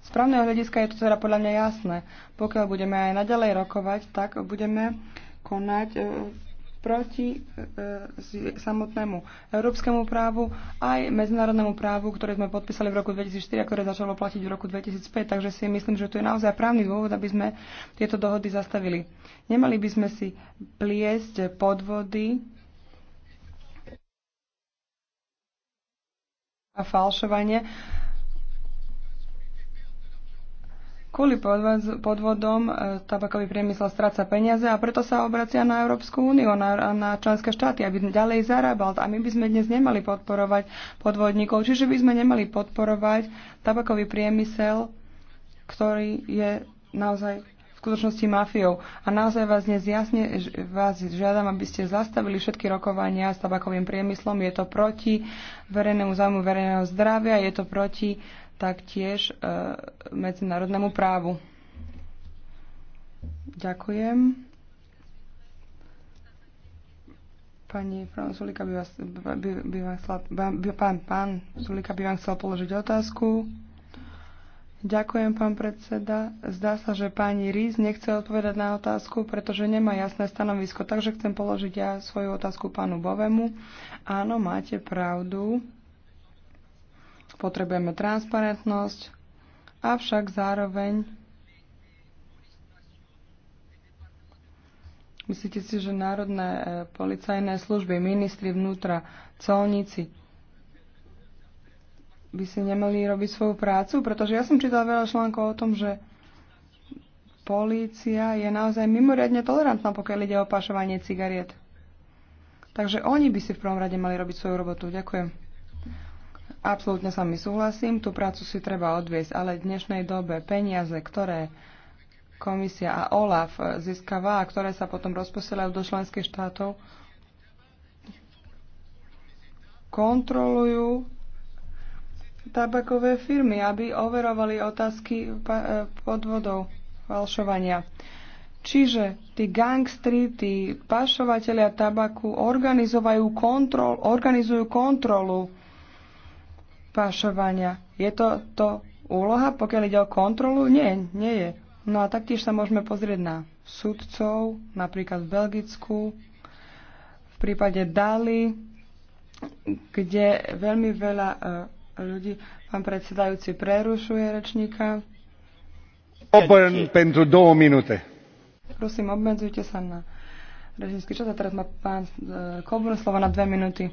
Z právneho hľadiska je to teda podľa mňa jasné. Pokiaľ budeme aj naďalej rokovať, tak budeme konať e, proti e, e samotnému európskemu právu aj medzinárodnému právu, ktoré sme podpísali v roku 2004 a ktoré začalo platiť v roku 2005. Takže si myslím, že tu je naozaj právny dôvod, aby sme tieto dohody zastavili. Nemali by sme si pliesť podvody a falšovanie Kvôli podvodom e, tabakový priemysel stráca peniaze a preto sa obracia na Európsku úniu, na, na členské štáty, aby ďalej zarábal. A my by sme dnes nemali podporovať podvodníkov, čiže by sme nemali podporovať tabakový priemysel, ktorý je naozaj v skutočnosti mafiou. A naozaj vás dnes jasne vás žiadam, aby ste zastavili všetky rokovania s tabakovým priemyslom. Je to proti verejnému zájmu verejného zdravia, je to proti taktiež e, medzinárodnému právu. Ďakujem. Pani Sulika by, vás, by, by, vás chcela, by, pán, pán Sulika by vám chcel položiť otázku. Ďakujem, pán predseda. Zdá sa, že pani Ríz nechce odpovedať na otázku, pretože nemá jasné stanovisko, takže chcem položiť ja svoju otázku pánu Bovemu. Áno, máte pravdu. Potrebujeme transparentnosť, avšak zároveň Myslíte si, že národné e, policajné služby, ministri vnútra, colníci by si nemali robiť svoju prácu? Pretože ja som čítala veľa článkov o tom, že polícia je naozaj mimoriadne tolerantná, pokiaľ ide o pašovanie cigariet. Takže oni by si v prvom rade mali robiť svoju robotu. Ďakujem. Absolútne sa mi súhlasím, tú prácu si treba odviesť, ale v dnešnej dobe peniaze, ktoré komisia a OLAF získava a ktoré sa potom rozposielajú do členských štátov, kontrolujú tabakové firmy, aby overovali otázky e, podvodov, falšovania. Čiže tí gangstri, tí pašovateľia tabaku organizujú, organizujú kontrolu pašovania. Je to to úloha, pokiaľ ide o kontrolu? Nie, nie je. No a taktiež sa môžeme pozrieť na sudcov, napríklad v Belgicku, v prípade Dali, kde veľmi veľa e, ľudí, pán predsedajúci prerušuje rečníka. pentru două minute. Prosím, obmedzujte sa na rečnícky čas a teraz má pán Kobun e, slovo na dve minúty.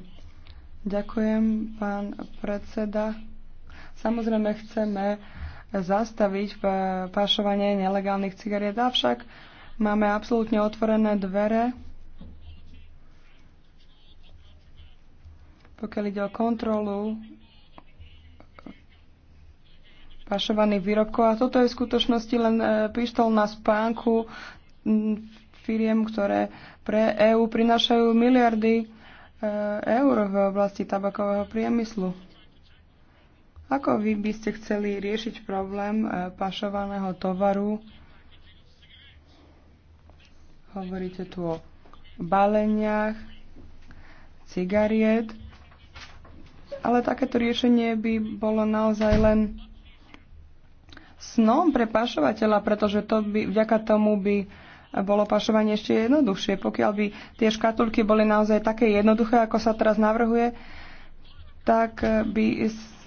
Ďakujem, pán predseda. Samozrejme chceme zastaviť pašovanie nelegálnych cigariet, avšak máme absolútne otvorené dvere, pokiaľ ide o kontrolu pašovaných výrobkov. A toto je v skutočnosti len e, pištol na spánku firiem, ktoré pre EÚ prinášajú miliardy E, eur v oblasti tabakového priemyslu. Ako vy by ste chceli riešiť problém e, pašovaného tovaru? Hovoríte tu o baleniach, cigariet, ale takéto riešenie by bolo naozaj len snom pre pašovateľa, pretože to by, vďaka tomu by bolo pašovanie ešte jednoduchšie. Pokiaľ by tie škatulky boli naozaj také jednoduché, ako sa teraz navrhuje, tak eh, by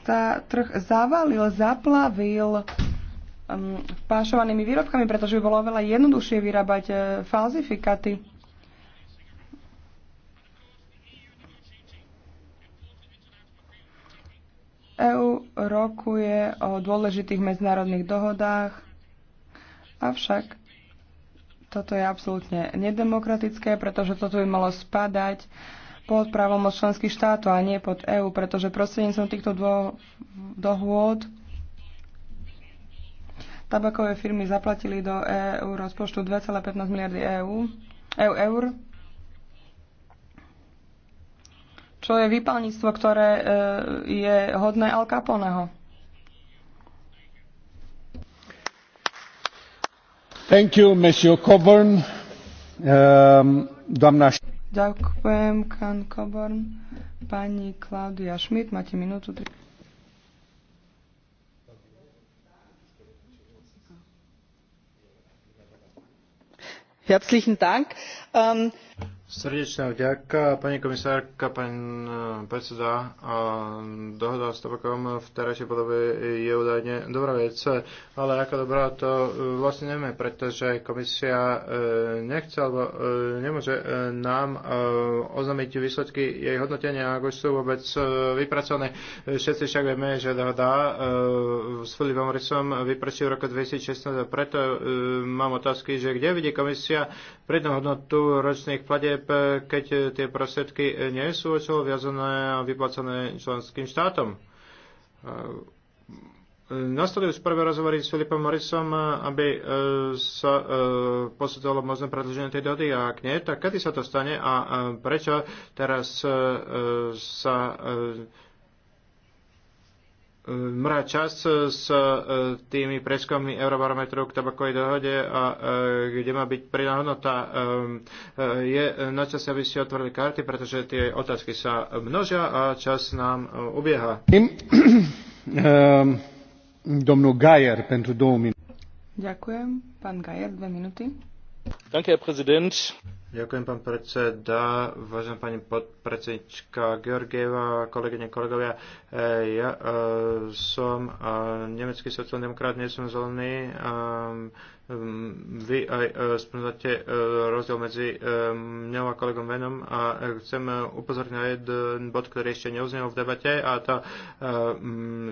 sa trh zavalil, zaplavil um, ehm, pášovanými výrobkami, pretože by bolo oveľa jednoduchšie vyrábať uh, eh, falzifikaty. EU rokuje o dôležitých medzinárodných dohodách, avšak toto je absolútne nedemokratické, pretože toto by malo spadať pod právomoc členských štátov a nie pod EÚ, pretože prostredníctvom týchto dvoch dohôd tabakové firmy zaplatili do EÚ rozpočtu 2,15 miliardy EU, EU, eur, čo je výpalníctvo, ktoré e, je hodné Al Caponeho. Um, Ďakujem, pán Coburn. Pani claudia Schmidt, máte minútu. Herzlichen Dank. Um, Srdečná vďaka, pani komisárka, pán eh, predseda. a Dohoda s tabakom v terajšej podobe je údajne dobrá vec, ale ako dobrá to eh, vlastne nevieme, pretože komisia eh, nechce alebo nemôže nám oznámiť výsledky jej hodnotenia, ako sú vôbec vypracované. Všetci však vieme, že dohoda s Filipom Rysom vyprčí v roku 2016 a preto mám otázky, že kde vidí komisia prednú hodnotu ročných platieb princíp, keď eh, tie prostriedky eh, nie sú očovo viazané a vyplacané členským štátom. Eh, nastali už prvé rozhovory s Filipom Morisom, aby sa posudzovalo možné predlženie tej dohody a ak nie, tak kedy sa to stane a prečo teraz sa mrá čas s e, tými preskomy Eurobarometru k tabakovej dohode a e, kde má byť pridaná hodnota. E, je na čase, aby ste otvorili karty, pretože tie otázky sa množia a čas nám ubieha. Ehm, domnul Gajer, pentru două minute. Ďakujem. Pán Gajer, dve minúty. Ďakujem, Herr Präsident. Ďakujem, pán predseda, vážená pani podpredsednička Georgieva, kolegyne, kolegovia. E, ja e, som e, nemecký sociálny-demokrat, nie som zelený. E, vy aj e, spomínate e, rozdiel medzi mňou a kolegom Venom a chcem upozorniť na jeden bod, ktorý ešte neuznel v debate a to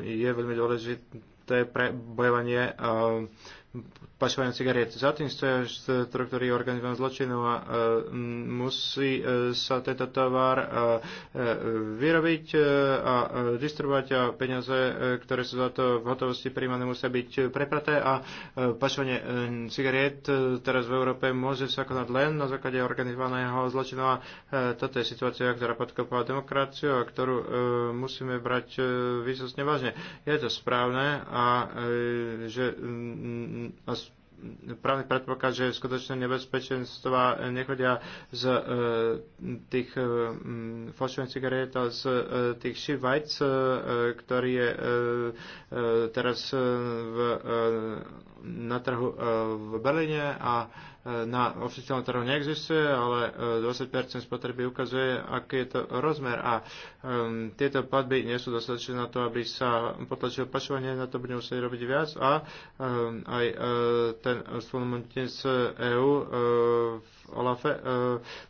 je veľmi dôležité pre bojovanie e, pašovania cigariet. Za tým stoja ktorý organizovaného zločinu a e, musí e, sa tento tovar e, vyrobiť a distribuovať a peniaze, ktoré sú za to v hotovosti príjmané, musia byť prepraté a pašovanie cigariet teraz v Európe môže sa konať len na základe organizovaného zločinu a toto je situácia, ktorá podkopáva demokraciu a ktorú musíme brať výsostne vážne. Je to správne a že právny predpoklad, že skutočné nebezpečenstva nechodia z e, tých e, falšových cigariet a z e, tých šivajc, e, ktorý je e, e teraz e, v, e, na trhu e, v Berlíne a e, na oficiálnom trhu neexistuje, ale 20% e, spotreby ukazuje, aký je to rozmer a um, tieto platby nie sú dostatočné na to, aby sa potlačilo pašovanie, na to budeme musieť robiť viac a um, aj uh, ten spolumotnec EU uh, e, v OLAFe uh,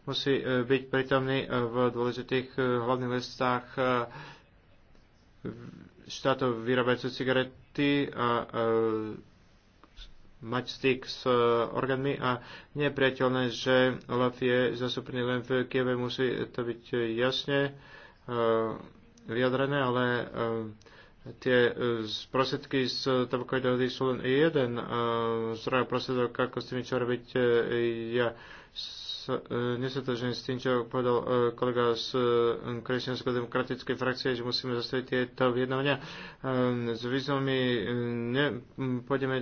musí uh, byť prítomný uh, v dôležitých uh, hlavných listách uh, štátov vyrábajúcich cigarety a uh, mať styk s e, orgánmi a nie je priateľné, že laf je zastúpený len v Kieve, musí to byť jasne e, vyjadrené, ale e, tie prostriedky z tabakovej dohody sú len jeden zdroj prostriedok, ako s tými čo robiť ja E, nesetožný s tým, čo povedal e, kolega z e, kresťansko-demokratickej frakcie, že musíme zastaviť tieto vyjednávania. S výzvami nepôjdeme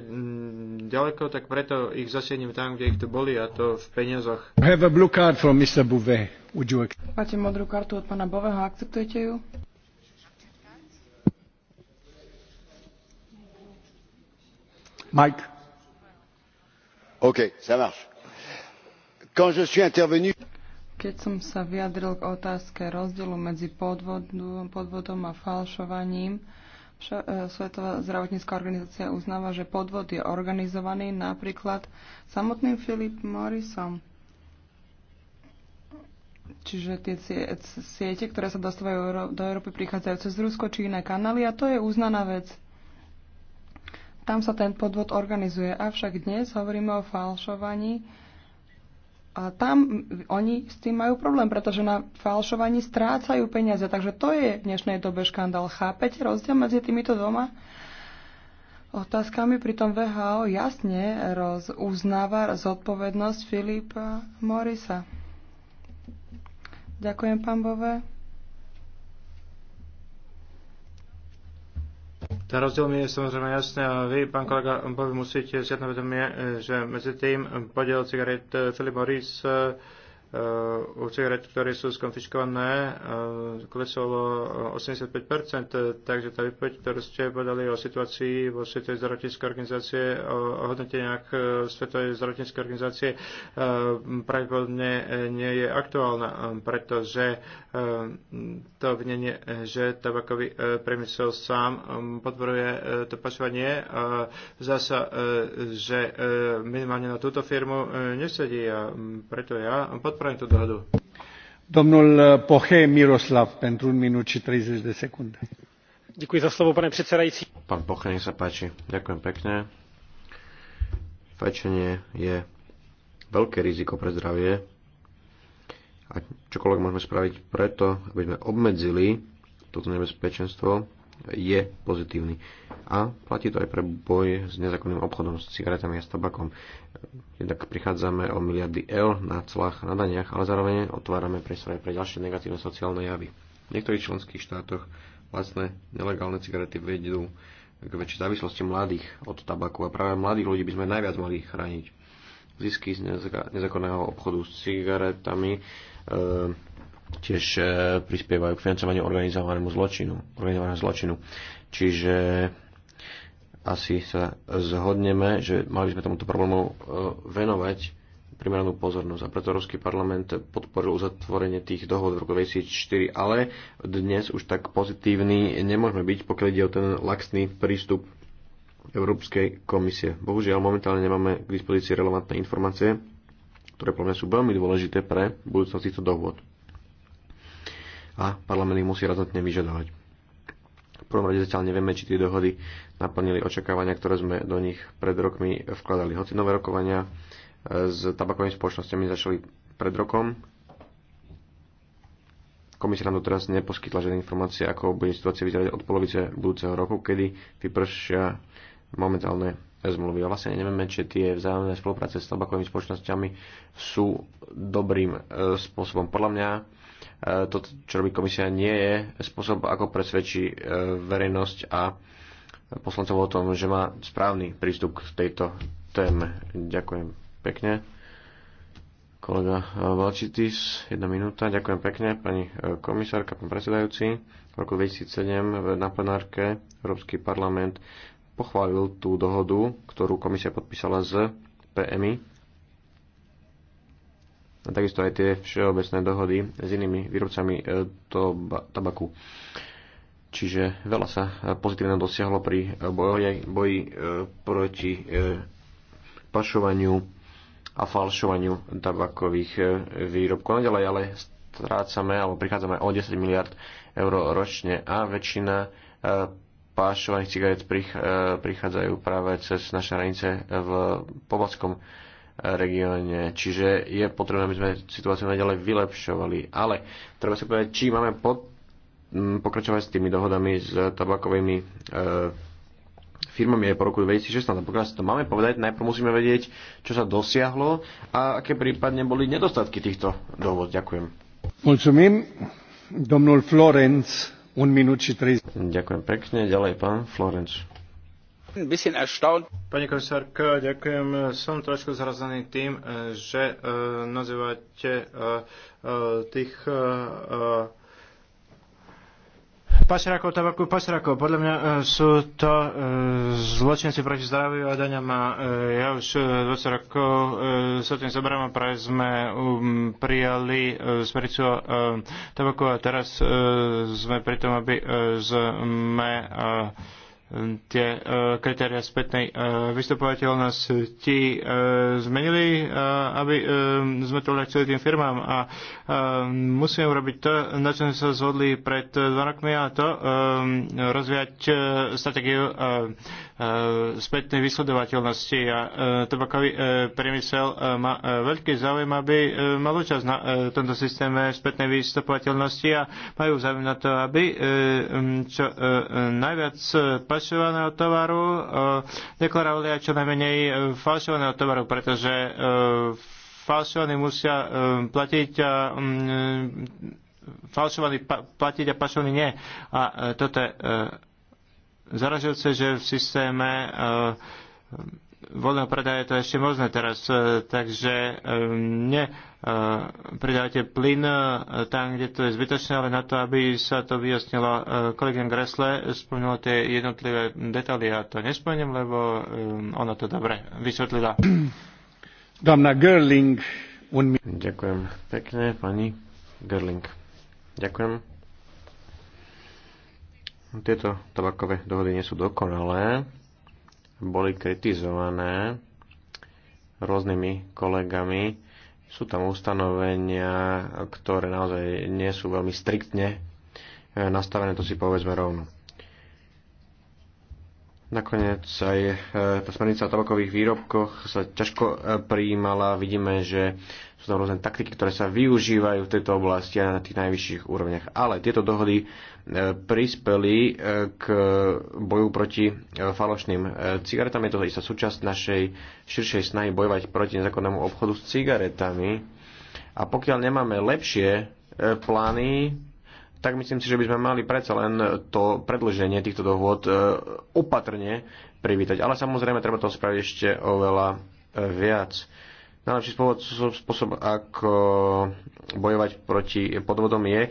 ďaleko, tak preto ich zasením tam, kde ich to boli, a to v peniazoch. Have a blue card from Mr. Bouvet. Would you Máte modrú kartu od pána Boveho, akceptujete ju? Mike. OK, ça marche keď som sa vyjadril k otázke rozdielu medzi podvodom, podvodom a falšovaním, e, Svetová zdravotnícká organizácia uznáva, že podvod je organizovaný napríklad samotným Philip Morrisom. Čiže tie siete, ktoré sa dostávajú do Európy, prichádzajú cez Rusko či iné kanály a to je uznaná vec. Tam sa ten podvod organizuje. Avšak dnes hovoríme o falšovaní a tam oni s tým majú problém, pretože na falšovaní strácajú peniaze. Takže to je v dnešnej dobe škandál. Chápete rozdiel medzi týmito dvoma otázkami? Pritom VHO jasne roz, uznáva zodpovednosť Filipa Morisa. Ďakujem, pán Bove. Ten rozdiel mi je samozrejme jasný a vy, pán kolega, musíte si na vedomie, že medzi tým podiel cigaret Filip eh, Morris eh, Eh, u cigaret, ktoré sú skonfiškované, eh, klesolo 85%, takže tá výpoveď, ktorú ste povedali o situácii vo Svetovej zdravotníckej organizácie, o hodnoteniach eh, Svetovej zdravotníckej organizácie, pravdepodobne nie je aktuálna, pretože to obvinenie, že tabakový priemysel sám podporuje to pašovanie, zasa, že minimálne na túto firmu nesedí a hm, preto ja podporujem dohodu. Domnul eh, Poche Miroslav, pentru un minut și 30 de secunde. Ďakujem za slovo, pane predsedajúci. Pán Poche, nech sa páči. Ďakujem pekne. Fajčenie je veľké riziko pre zdravie a čokoľvek môžeme spraviť preto, aby sme obmedzili toto nebezpečenstvo, je pozitívny. A platí to aj pre boj s nezákonným obchodom s cigaretami a s tabakom. Jednak prichádzame o miliardy eur na clách na daniach, ale zároveň otvárame priestor svoje pre ďalšie negatívne sociálne javy. V niektorých členských štátoch vlastné nelegálne cigarety vedú k väčšej závislosti mladých od tabaku a práve mladých ľudí by sme najviac mali chrániť. Zisky z nezákonného obchodu s cigaretami e, tiež e, prispievajú k financovaniu organizovanému zločinu, organizovanému zločinu. Čiže asi sa zhodneme, že mali by sme tomuto problému e, venovať primeranú pozornosť. A preto Európsky parlament podporil uzatvorenie tých dohod v roku 2004, ale dnes už tak pozitívny nemôžeme byť, pokiaľ ide o ten laxný prístup Európskej komisie. Bohužiaľ, momentálne nemáme k dispozícii relevantné informácie, ktoré pre mňa sú veľmi dôležité pre budúcnosť týchto dohôd a parlament ich musí razantne vyžadovať. V prvom rade zatiaľ nevieme, či tie dohody naplnili očakávania, ktoré sme do nich pred rokmi vkladali. Hoci nové rokovania e, s tabakovými spoločnosťami začali pred rokom, Komisia nám doteraz neposkytla žiadne informácie, ako bude situácia vyzerať od polovice budúceho roku, kedy vypršia momentálne zmluvy. A vlastne nevieme, či tie vzájomné spolupráce s tabakovými spoločnosťami sú dobrým e, spôsobom. Podľa mňa E, to, čo robí komisia, nie je spôsob, ako presvedčí e, verejnosť a poslancov o tom, že má správny prístup k tejto téme. Ďakujem pekne. Kolega Valčitis, e, jedna minúta. Ďakujem pekne, pani komisárka, pán predsedajúci. V roku 2007 na plenárke Európsky parlament pochválil tú dohodu, ktorú komisia podpísala z PMI a takisto aj tie všeobecné dohody s inými výrobcami e, tabaku. Čiže veľa sa e, pozitívne dosiahlo pri e, boji, boji proti pašovaniu a falšovaniu tabakových výrobkov. Naďalej no ale strácame alebo prichádzame o 10 miliard eur ročne a väčšina pášovaných cigaret prichádzajú práve cez naše hranice v Pobalskom regióne. Čiže je potrebné, aby sme situáciu naďalej vylepšovali. Ale treba si povedať, či máme pod, mm, pokračovať s tými dohodami s tabakovými e, firmami aj po roku 2016. A pokiaľ si to máme povedať, najprv musíme vedieť, čo sa dosiahlo a aké prípadne boli nedostatky týchto dohod. Ďakujem. Mulțumim. Domnul Florenț, un minut și 30. Ďakujem pekne. Ďalej pán Florenț. Pani komisárka, ďakujem. Som trošku zrazený tým, e, že e, nazývate e, tých pašerákov tabaku pašerákov. Podľa mňa sú to e, zločinci proti zdraviu a daňam. E, ja už 20 rokov e, sa tým zoberám a práve sme um, prijali e, smericu e, tabaku a teraz e, sme pri tom, aby e, sme e, Hm, tie e, kritéria spätnej e, vystupovateľnosti e, zmenili, aby sme to uľahčili tým firmám. A musíme urobiť to, na čo sme sa zhodli pred dva rokmi a to rozvíjať stratégiu E, spätnej vysledovateľnosti a e, tabakový e, priemysel má veľký záujem, aby mal účasť na tomto systéme spätnej vystupovateľnosti a majú záujem na to, aby čo najviac pašovaného tovaru deklarovali aj čo najmenej falšovaného tovaru, pretože falšovaní musia platiť a falšovaní platiť a pašovaní nie. A toto je zaražujúce, že v systéme eh, voľného predaja je to ešte možné teraz, eh, takže eh, ne pridávate plyn tam, kde to je zbytočné, ale na to, aby sa to vyjasnilo kolegyňa Gressle, spomenula tie jednotlivé detaily a to nespomínam, lebo ona to dobre vysvetlila. Dámna Görling. Ďakujem pekne, pani Gerling. Ďakujem. Tieto tabakové dohody nie sú dokonalé. Boli kritizované rôznymi kolegami. Sú tam ustanovenia, ktoré naozaj nie sú veľmi striktne e, nastavené, to si povedzme rovno. Nakoniec aj e, tá smernica o tabakových výrobkoch sa ťažko e, prijímala. Vidíme, že sú tam rôzne taktiky, ktoré sa využívajú v tejto oblasti a na tých najvyšších úrovniach. Ale tieto dohody E, prispeli e, k boju proti e, falošným cigaretám. Je to istá súčasť našej širšej snahy bojovať proti nezákonnému obchodu s cigaretami. A pokiaľ nemáme lepšie plány, tak myslím si, že by sme mali predsa len to predlženie týchto dohôd opatrne privítať. Ale samozrejme, treba to spraviť ešte oveľa viac najlepší spôsob, ako bojovať proti podvodom je e,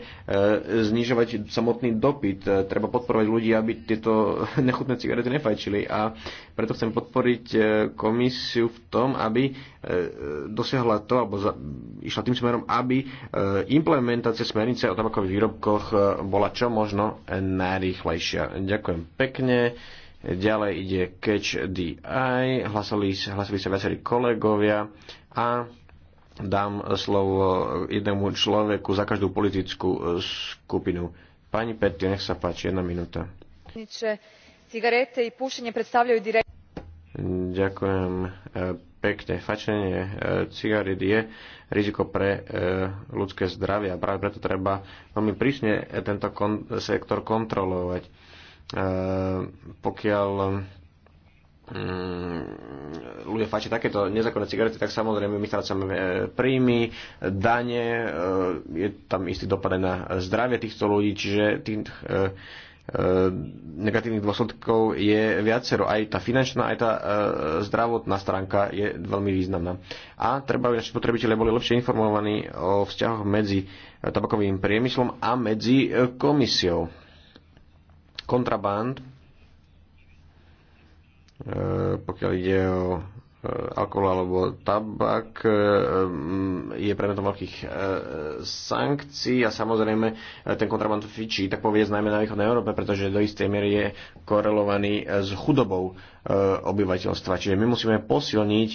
znižovať samotný dopyt. E, treba podporovať ľudí, aby tieto nechutné cigarety nefajčili a preto chcem podporiť e, komisiu v tom, aby dosiahla to, alebo išla tým smerom, aby implementácia smernice o tabakových výrobkoch bola čo možno najrýchlejšia. Ďakujem pekne. Ďalej ide Catch the Eye. Hlasili, hlasili sa viacerí kolegovia a dám slovo jednému človeku za každú politickú e, skupinu. Pani Petty, nech sa páči, jedna minúta. Cigarete i direkt... Ďakujem e, pekne. Fačenie e, cigaret je riziko pre ľudské zdravie a práve preto treba veľmi prísne tento kon- sektor kontrolovať. Pokiaľ Mm, ľudia fajčia takéto nezákonné cigarety, tak samozrejme my strácame e, príjmy, dane, e, je tam istý dopad na zdravie týchto ľudí, čiže tých e, negatívnych dôsledkov je viacero. Aj tá finančná, aj tá zdravotná stránka je veľmi významná. A treba, aby naši spotrebitelia boli lepšie informovaní o vzťahoch medzi tabakovým priemyslom a medzi komisiou. Kontraband E, pokiaľ ide o e, alkohol alebo tabak e, je predmetom veľkých sankcií a samozrejme ten kontraband fičí, tak povie najmä na východnej Európe, pretože do istej miery je korelovaný s chudobou obyvateľstva. Čiže my musíme posilniť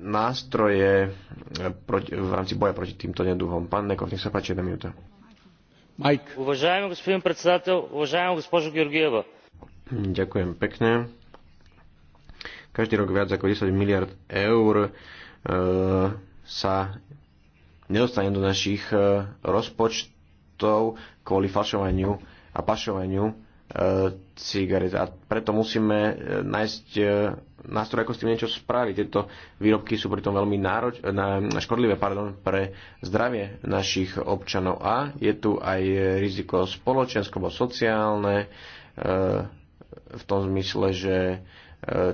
nástroje v rámci boja proti týmto neduhom. Pán Nekov, nech sa páči, jedna minúta уважаеми господин председател уважаема госпожо георгиева ďakujem pekne každý rok viac ako 10 miliard eur э, sa nedostane do našich э, rozpočtov kvôli falšovaniu a pašovaniu e, cigaret. A preto musíme e, nájsť e, nástroj, ako s tým niečo spraviť. Tieto výrobky sú pritom veľmi nároč, e, na, škodlivé pardon, pre zdravie našich občanov. A je tu aj riziko spoločensko alebo sociálne, v tom zmysle, že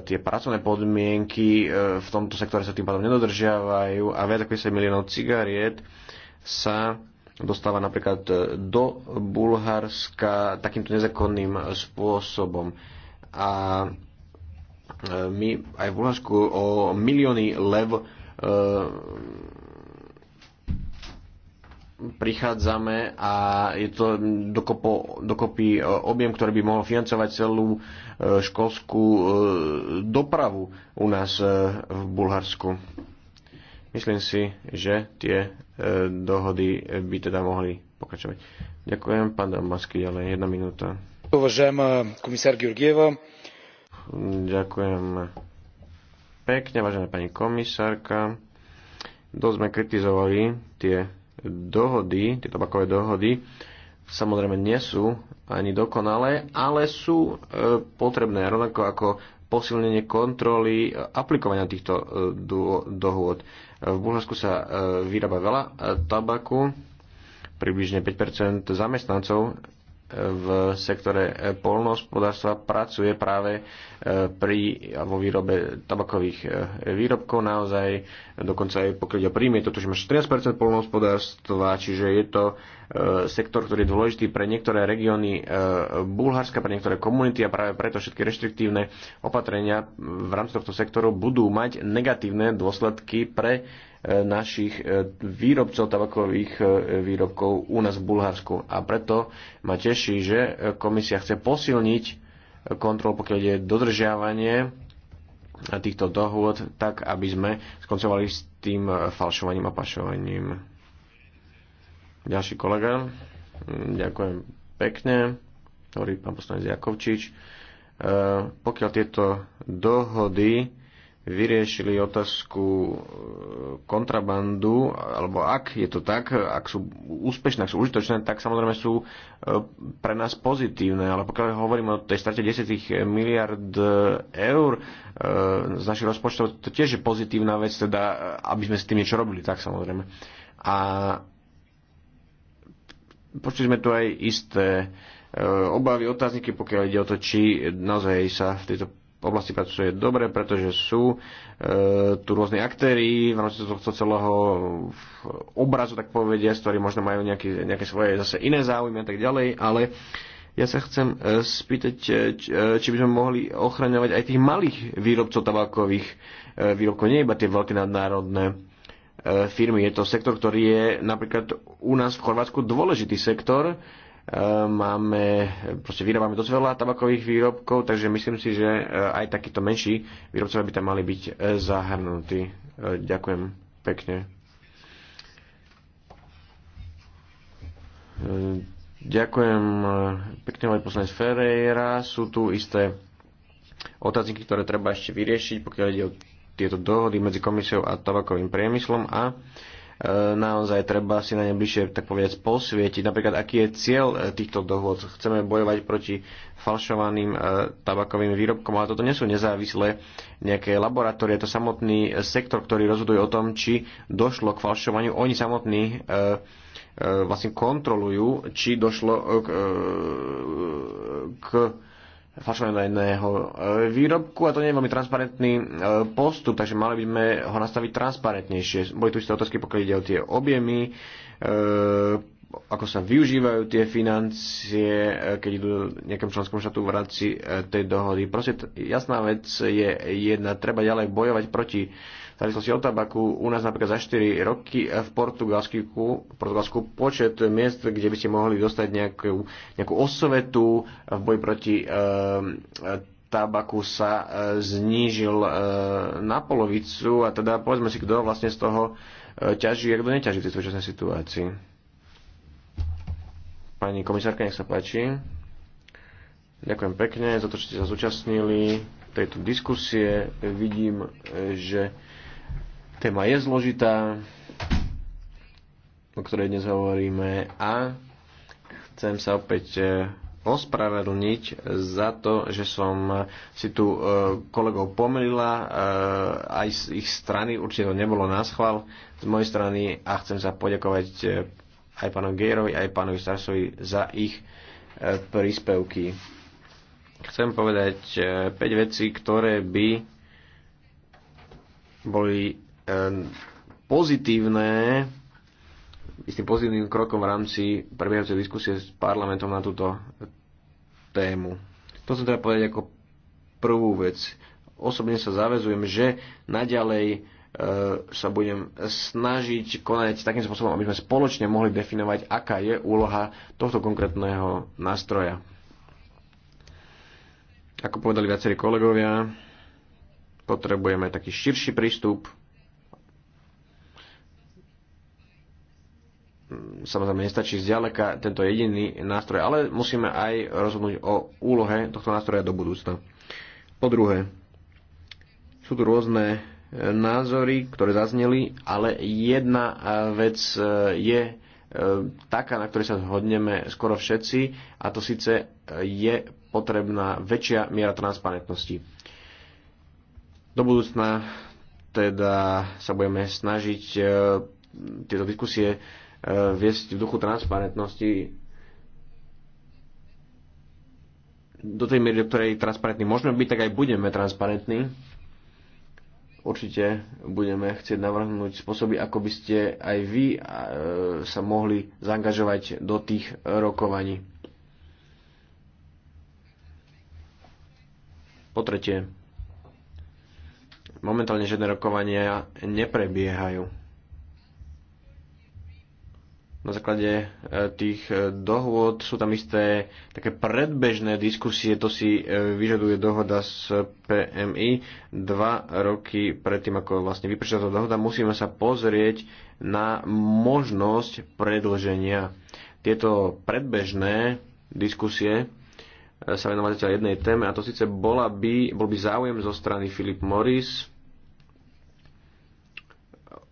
tie pracovné podmienky v tomto sektore sa tým pádom nedodržiavajú a viac ako 10 miliónov cigariet sa dostáva napríklad e, do Bulharska takýmto nezakonným e, spôsobom. A e, my aj v Bulharsku o milióny lev prichádzame a je to dokopo, dokopy objem, ktorý by mohol financovať celú školskú dopravu u nás v Bulharsku. Myslím si, že tie dohody by teda mohli pokračovať. Ďakujem, pán Damasky, ale jedna minúta. Považujem eh, komisár Georgieva. Ďakujem pekne, vážená pani komisárka. Dosť sme kritizovali tie dohody, tie tabakové dohody. Samozrejme nie sú ani dokonalé, ale sú e, potrebné, rovnako ako posilnenie kontroly eh, aplikovania týchto e, do, dohôd. V Bulharsku sa e, vyrába veľa e, tabaku, približne 5 zamestnancov v sektore e, polnohospodárstva pracuje práve e, pri, vo výrobe tabakových e, výrobkov. Naozaj dokonca aj pokiaľ ide o príjmy, je to tuším až 13% polnohospodárstva, čiže je to sektor, ktorý je dôležitý pre niektoré regióny Bulharska, pre niektoré komunity a práve preto všetky reštriktívne opatrenia v rámci tohto sektoru budú mať negatívne dôsledky pre E, našich e, výrobcov tabakových e, výrobkov u nás v Bulharsku. A preto ma teší, že komisia chce posilniť kontrol, pokiaľ je dodržiavanie týchto dohôd, tak aby sme skoncovali s tým falšovaním a pašovaním. Ďalší kolega. Mm, ďakujem pekne. Hovorí pán poslanec Jakovčič. Pokiaľ tieto dohody vyriešili otázku e, kontrabandu, alebo ak je to tak, ak sú úspešné, ak sú užitočné, tak samozrejme sú e, pre nás pozitívne. Ale pokiaľ hovoríme o tej strate 10 miliard eur e, z našich rozpočtov, to tiež je pozitívna vec, teda aby sme s tým niečo robili, tak samozrejme. A počuli sme tu aj isté obavy, otázniky, pokiaľ ide o to, či naozaj sa v tejto oblasti pracuje dobre, pretože sú e, tu rôzni aktéry v rámci tohto celého obrazu, tak povedia, z ktorí možno majú nejaký, nejaké svoje zase iné záujmy a tak ďalej, ale ja sa chcem e, spýtať, e, e, či by sme mohli ochraňovať aj tých malých výrobcov tabakových výrobkov, nie iba tie veľké nadnárodné firmy. Je to sektor, ktorý je napríklad u nás v Chorvátsku dôležitý sektor, máme, proste vyrábame dosť veľa tabakových výrobkov, takže myslím si, že eh, aj takíto menší výrobcovia by tam mali byť eh, zahrnutí. Eh, ďakujem pekne. Ďakujem pekne, aj poslanec Ferreira. Sú tu isté otázky, ktoré treba ešte vyriešiť, pokiaľ ide o tieto dohody medzi komisiou a tabakovým priemyslom a E, naozaj treba si na ne bližšie, tak povedať, posvietiť. Napríklad, aký je cieľ e, týchto dohôd? Chceme bojovať proti falšovaným e, tabakovým výrobkom, ale toto nie sú nezávislé nejaké laboratórie, to samotný sektor, ktorý rozhoduje o tom, či došlo k falšovaniu. Oni samotní vlastne kontrolujú, či došlo k, k fašovaného eh, výrobku a to nie je veľmi transparentný eh, postup, takže mali by sme ho nastaviť transparentnejšie. Boli tu isté otázky, pokiaľ ide o tie objemy, eh, ako sa využívajú tie financie, e, keď idú nejakom členskom štátu v rámci e, tej dohody. Proste jasná vec je jedna, treba ďalej bojovať proti závislosti od tabaku. U nás napríklad za 4 roky v Portugalsku, Portugalsku počet miest, kde by ste mohli dostať nejakú, nejakú osvetu v boji proti e, tabaku sa e, znížil e, na polovicu a teda povedzme si, kto vlastne z toho e, ťaží a kto neťaží v tej súčasnej situácii. Pani komisárka, nech sa páči. Ďakujem pekne za to, že ste sa zúčastnili tejto diskusie. Vidím, že téma je zložitá, o ktorej dnes hovoríme a chcem sa opäť e, ospravedlniť za to, že som e, si tu e, kolegov pomýlila, aj z ich strany, určite to nebolo náschval z mojej strany a chcem sa poďakovať aj pánom Gejerovi, aj pánovi Starsovi za ich e, príspevky. Chcem povedať 5 e, vecí, ktoré by boli e, pozitívne, istým pozitívnym krokom v rámci prebiehajúcej diskusie s parlamentom na túto tému. To som treba povedať ako prvú vec. Osobne sa zavezujem, že naďalej E, sa budem snažiť konať takým spôsobom, aby sme spoločne mohli definovať, aká je úloha tohto konkrétneho nástroja. Ako povedali viacerí kolegovia, potrebujeme taký širší prístup. Samozrejme, nestačí zďaleka tento jediný nástroj, ale musíme aj rozhodnúť o úlohe tohto nástroja do budúcna. Po druhé, sú tu rôzne názory, ktoré zazneli, ale jedna e, vec e, je e, taká, na ktorej sa zhodneme skoro všetci, a to síce je potrebná väčšia miera transparentnosti. Do budúcna teda sa budeme snažiť tieto diskusie viesť v duchu transparentnosti do tej miery, do ktorej transparentní môžeme byť, tak aj budeme transparentní určite budeme chcieť navrhnúť spôsoby, ako by ste aj vy e, sa mohli zaangažovať do tých rokovaní. Po tretie, momentálne žiadne rokovania neprebiehajú na základe e, tých e, dohôd sú tam isté také predbežné diskusie, to si e, vyžaduje dohoda s PMI. Dva roky predtým, ako vlastne vypršia tá dohoda, musíme sa pozrieť na možnosť predlženia. Tieto predbežné diskusie sa venovať jednej téme, a to síce bola by, bol by záujem zo strany Philip Morris,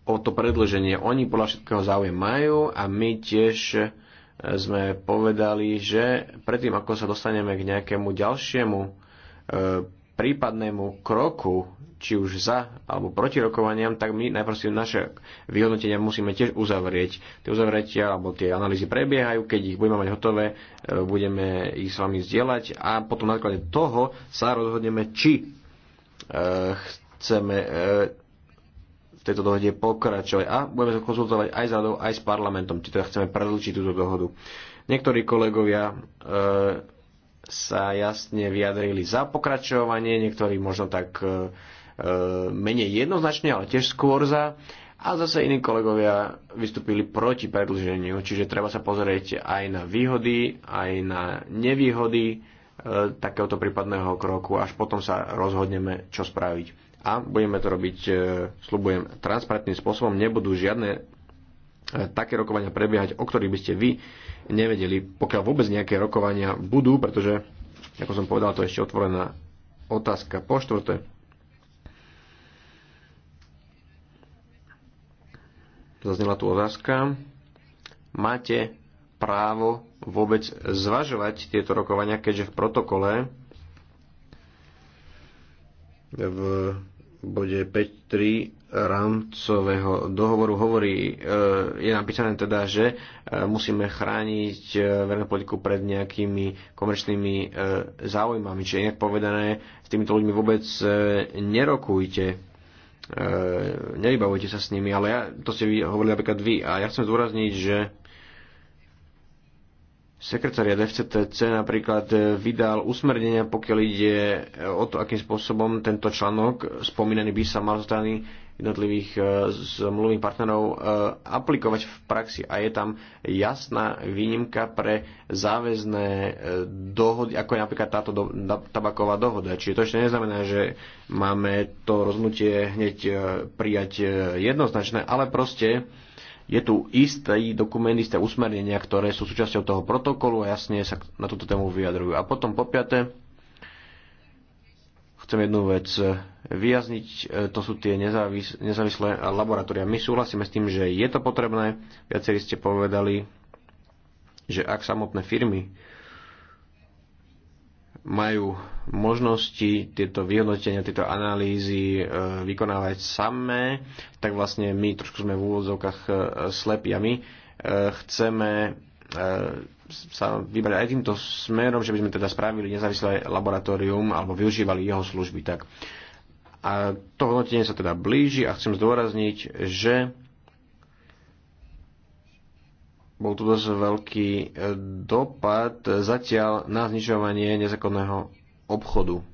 o to predlženie. Oni podľa všetkého záujem majú a my tiež e, sme povedali, že predtým, ako sa dostaneme k nejakému ďalšiemu e, prípadnému kroku, či už za alebo proti rokovaniam, tak my najprv si naše vyhodnotenia musíme tiež uzavrieť. Tie uzavretia alebo tie analýzy prebiehajú, keď ich budeme mať hotové, e, budeme ich s vami zdieľať a potom na základe toho sa rozhodneme, či e, chceme e, tejto dohode pokračovať a budeme sa konzultovať aj s radou, aj s parlamentom, či teda chceme predlčiť túto dohodu. Niektorí kolegovia e, sa jasne vyjadrili za pokračovanie, niektorí možno tak e, e, menej jednoznačne, ale tiež skôr za. A zase iní kolegovia vystúpili proti predlženiu, čiže treba sa pozrieť aj na výhody, aj na nevýhody e, takéhoto prípadného kroku, až potom sa rozhodneme, čo spraviť a budeme to robiť, e, slubujem, transparentným spôsobom. Nebudú žiadne e, také rokovania prebiehať, o ktorých by ste vy nevedeli, pokiaľ vôbec nejaké rokovania budú, pretože, ako som povedal, to je ešte otvorená otázka. Po štvrté, zaznela tu otázka. Máte právo vôbec zvažovať tieto rokovania, keďže v protokole v bode 5.3 rámcového dohovoru hovorí, e, je napísané teda, že e, musíme chrániť e, verejnú politiku pred nejakými komerčnými záujmami. Čiže inak povedané, s týmito ľuďmi vôbec nerokujte, nevybavujte sa s nimi, ale ja, to ste hovorili napríklad vy a ja chcem zdôrazniť, že sekretariat FCTC napríklad eh, vydal usmernenia, pokiaľ ide eh, o to, akým spôsobom tento článok spomínaný by sa mal strany jednotlivých eh, zmluvných partnerov aplikovať v praxi. A je tam jasná výnimka pre záväzné dohody, ako je napríklad táto do, tabaková dohoda. Čiže to ešte neznamená, že máme to rozhodnutie hneď prijať jednoznačné, ale proste je tu istý dokument, isté usmernenia, ktoré sú súčasťou toho protokolu a jasne sa na túto tému vyjadrujú. A potom po piate, chcem jednu vec vyjazniť, to sú tie nezávis- nezávislé laboratória. My súhlasíme s tým, že je to potrebné, viacerí ste povedali, že ak samotné firmy majú možnosti tieto vyhodnotenia, tieto analýzy e, vykonávať samé, tak vlastne my trošku sme v úvodzovkách e, slepí a my e, chceme sa vybrať aj týmto smerom, že by sme teda spravili nezávislé laboratórium alebo využívali jeho služby. Tak. A to hodnotenie sa teda blíži a chcem zdôrazniť, že bol tu dosť veľký e, dopad zatiaľ na znižovanie nezákonného obchodu.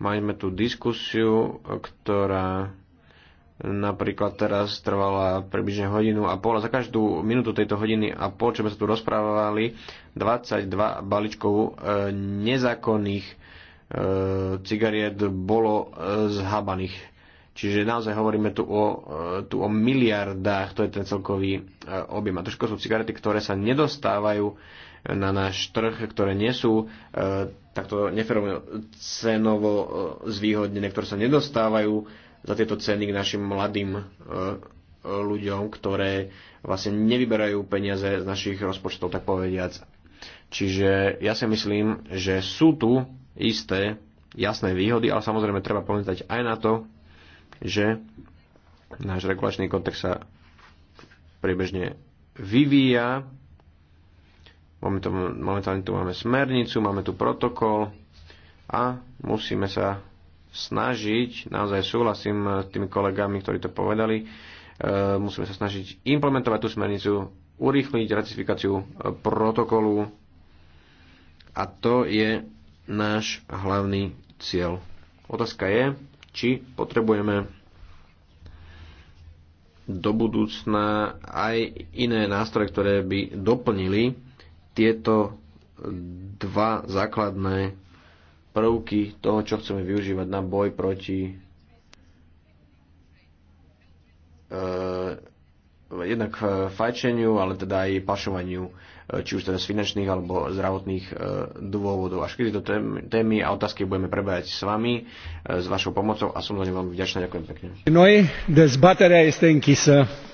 Máme tu diskusiu, ktorá napríklad teraz trvala približne hodinu a pol a za každú minútu tejto hodiny a pol, čo sme sa tu rozprávali, 22 balíčkov e, nezákonných e, cigariet bolo zhabaných Čiže naozaj hovoríme tu o, e, tu o miliardách, to je ten celkový e, objem. A to sú cigarety, ktoré sa nedostávajú na náš trh, ktoré nie sú e, takto neferovne cenovo e, zvýhodnené, ktoré sa nedostávajú za tieto ceny k našim mladým e, e, ľuďom, ktoré vlastne nevyberajú peniaze z našich rozpočtov, tak povediac. Čiže ja si myslím, že sú tu isté jasné výhody, ale samozrejme treba pamätať aj na to, že náš regulačný kontext sa priebežne vyvíja. Momentálne tu máme smernicu, máme tu protokol a musíme sa snažiť, naozaj súhlasím s tými kolegami, ktorí to povedali, e, musíme sa snažiť implementovať tú smernicu, urýchliť ratifikáciu e, protokolu a to je náš hlavný cieľ. Otázka je, či potrebujeme do budúcna aj iné nástroje, ktoré by doplnili tieto dva základné prvky toho, čo chceme využívať na boj proti eh, jednak eh, fajčeniu, ale teda aj pašovaniu či už teda z finančných alebo zdravotných e, dôvodov. Až kedy to témy a otázky budeme prebájať s vami, e, s vašou pomocou a som za ne veľmi vďačná. Ďakujem pekne. Noi este închisă.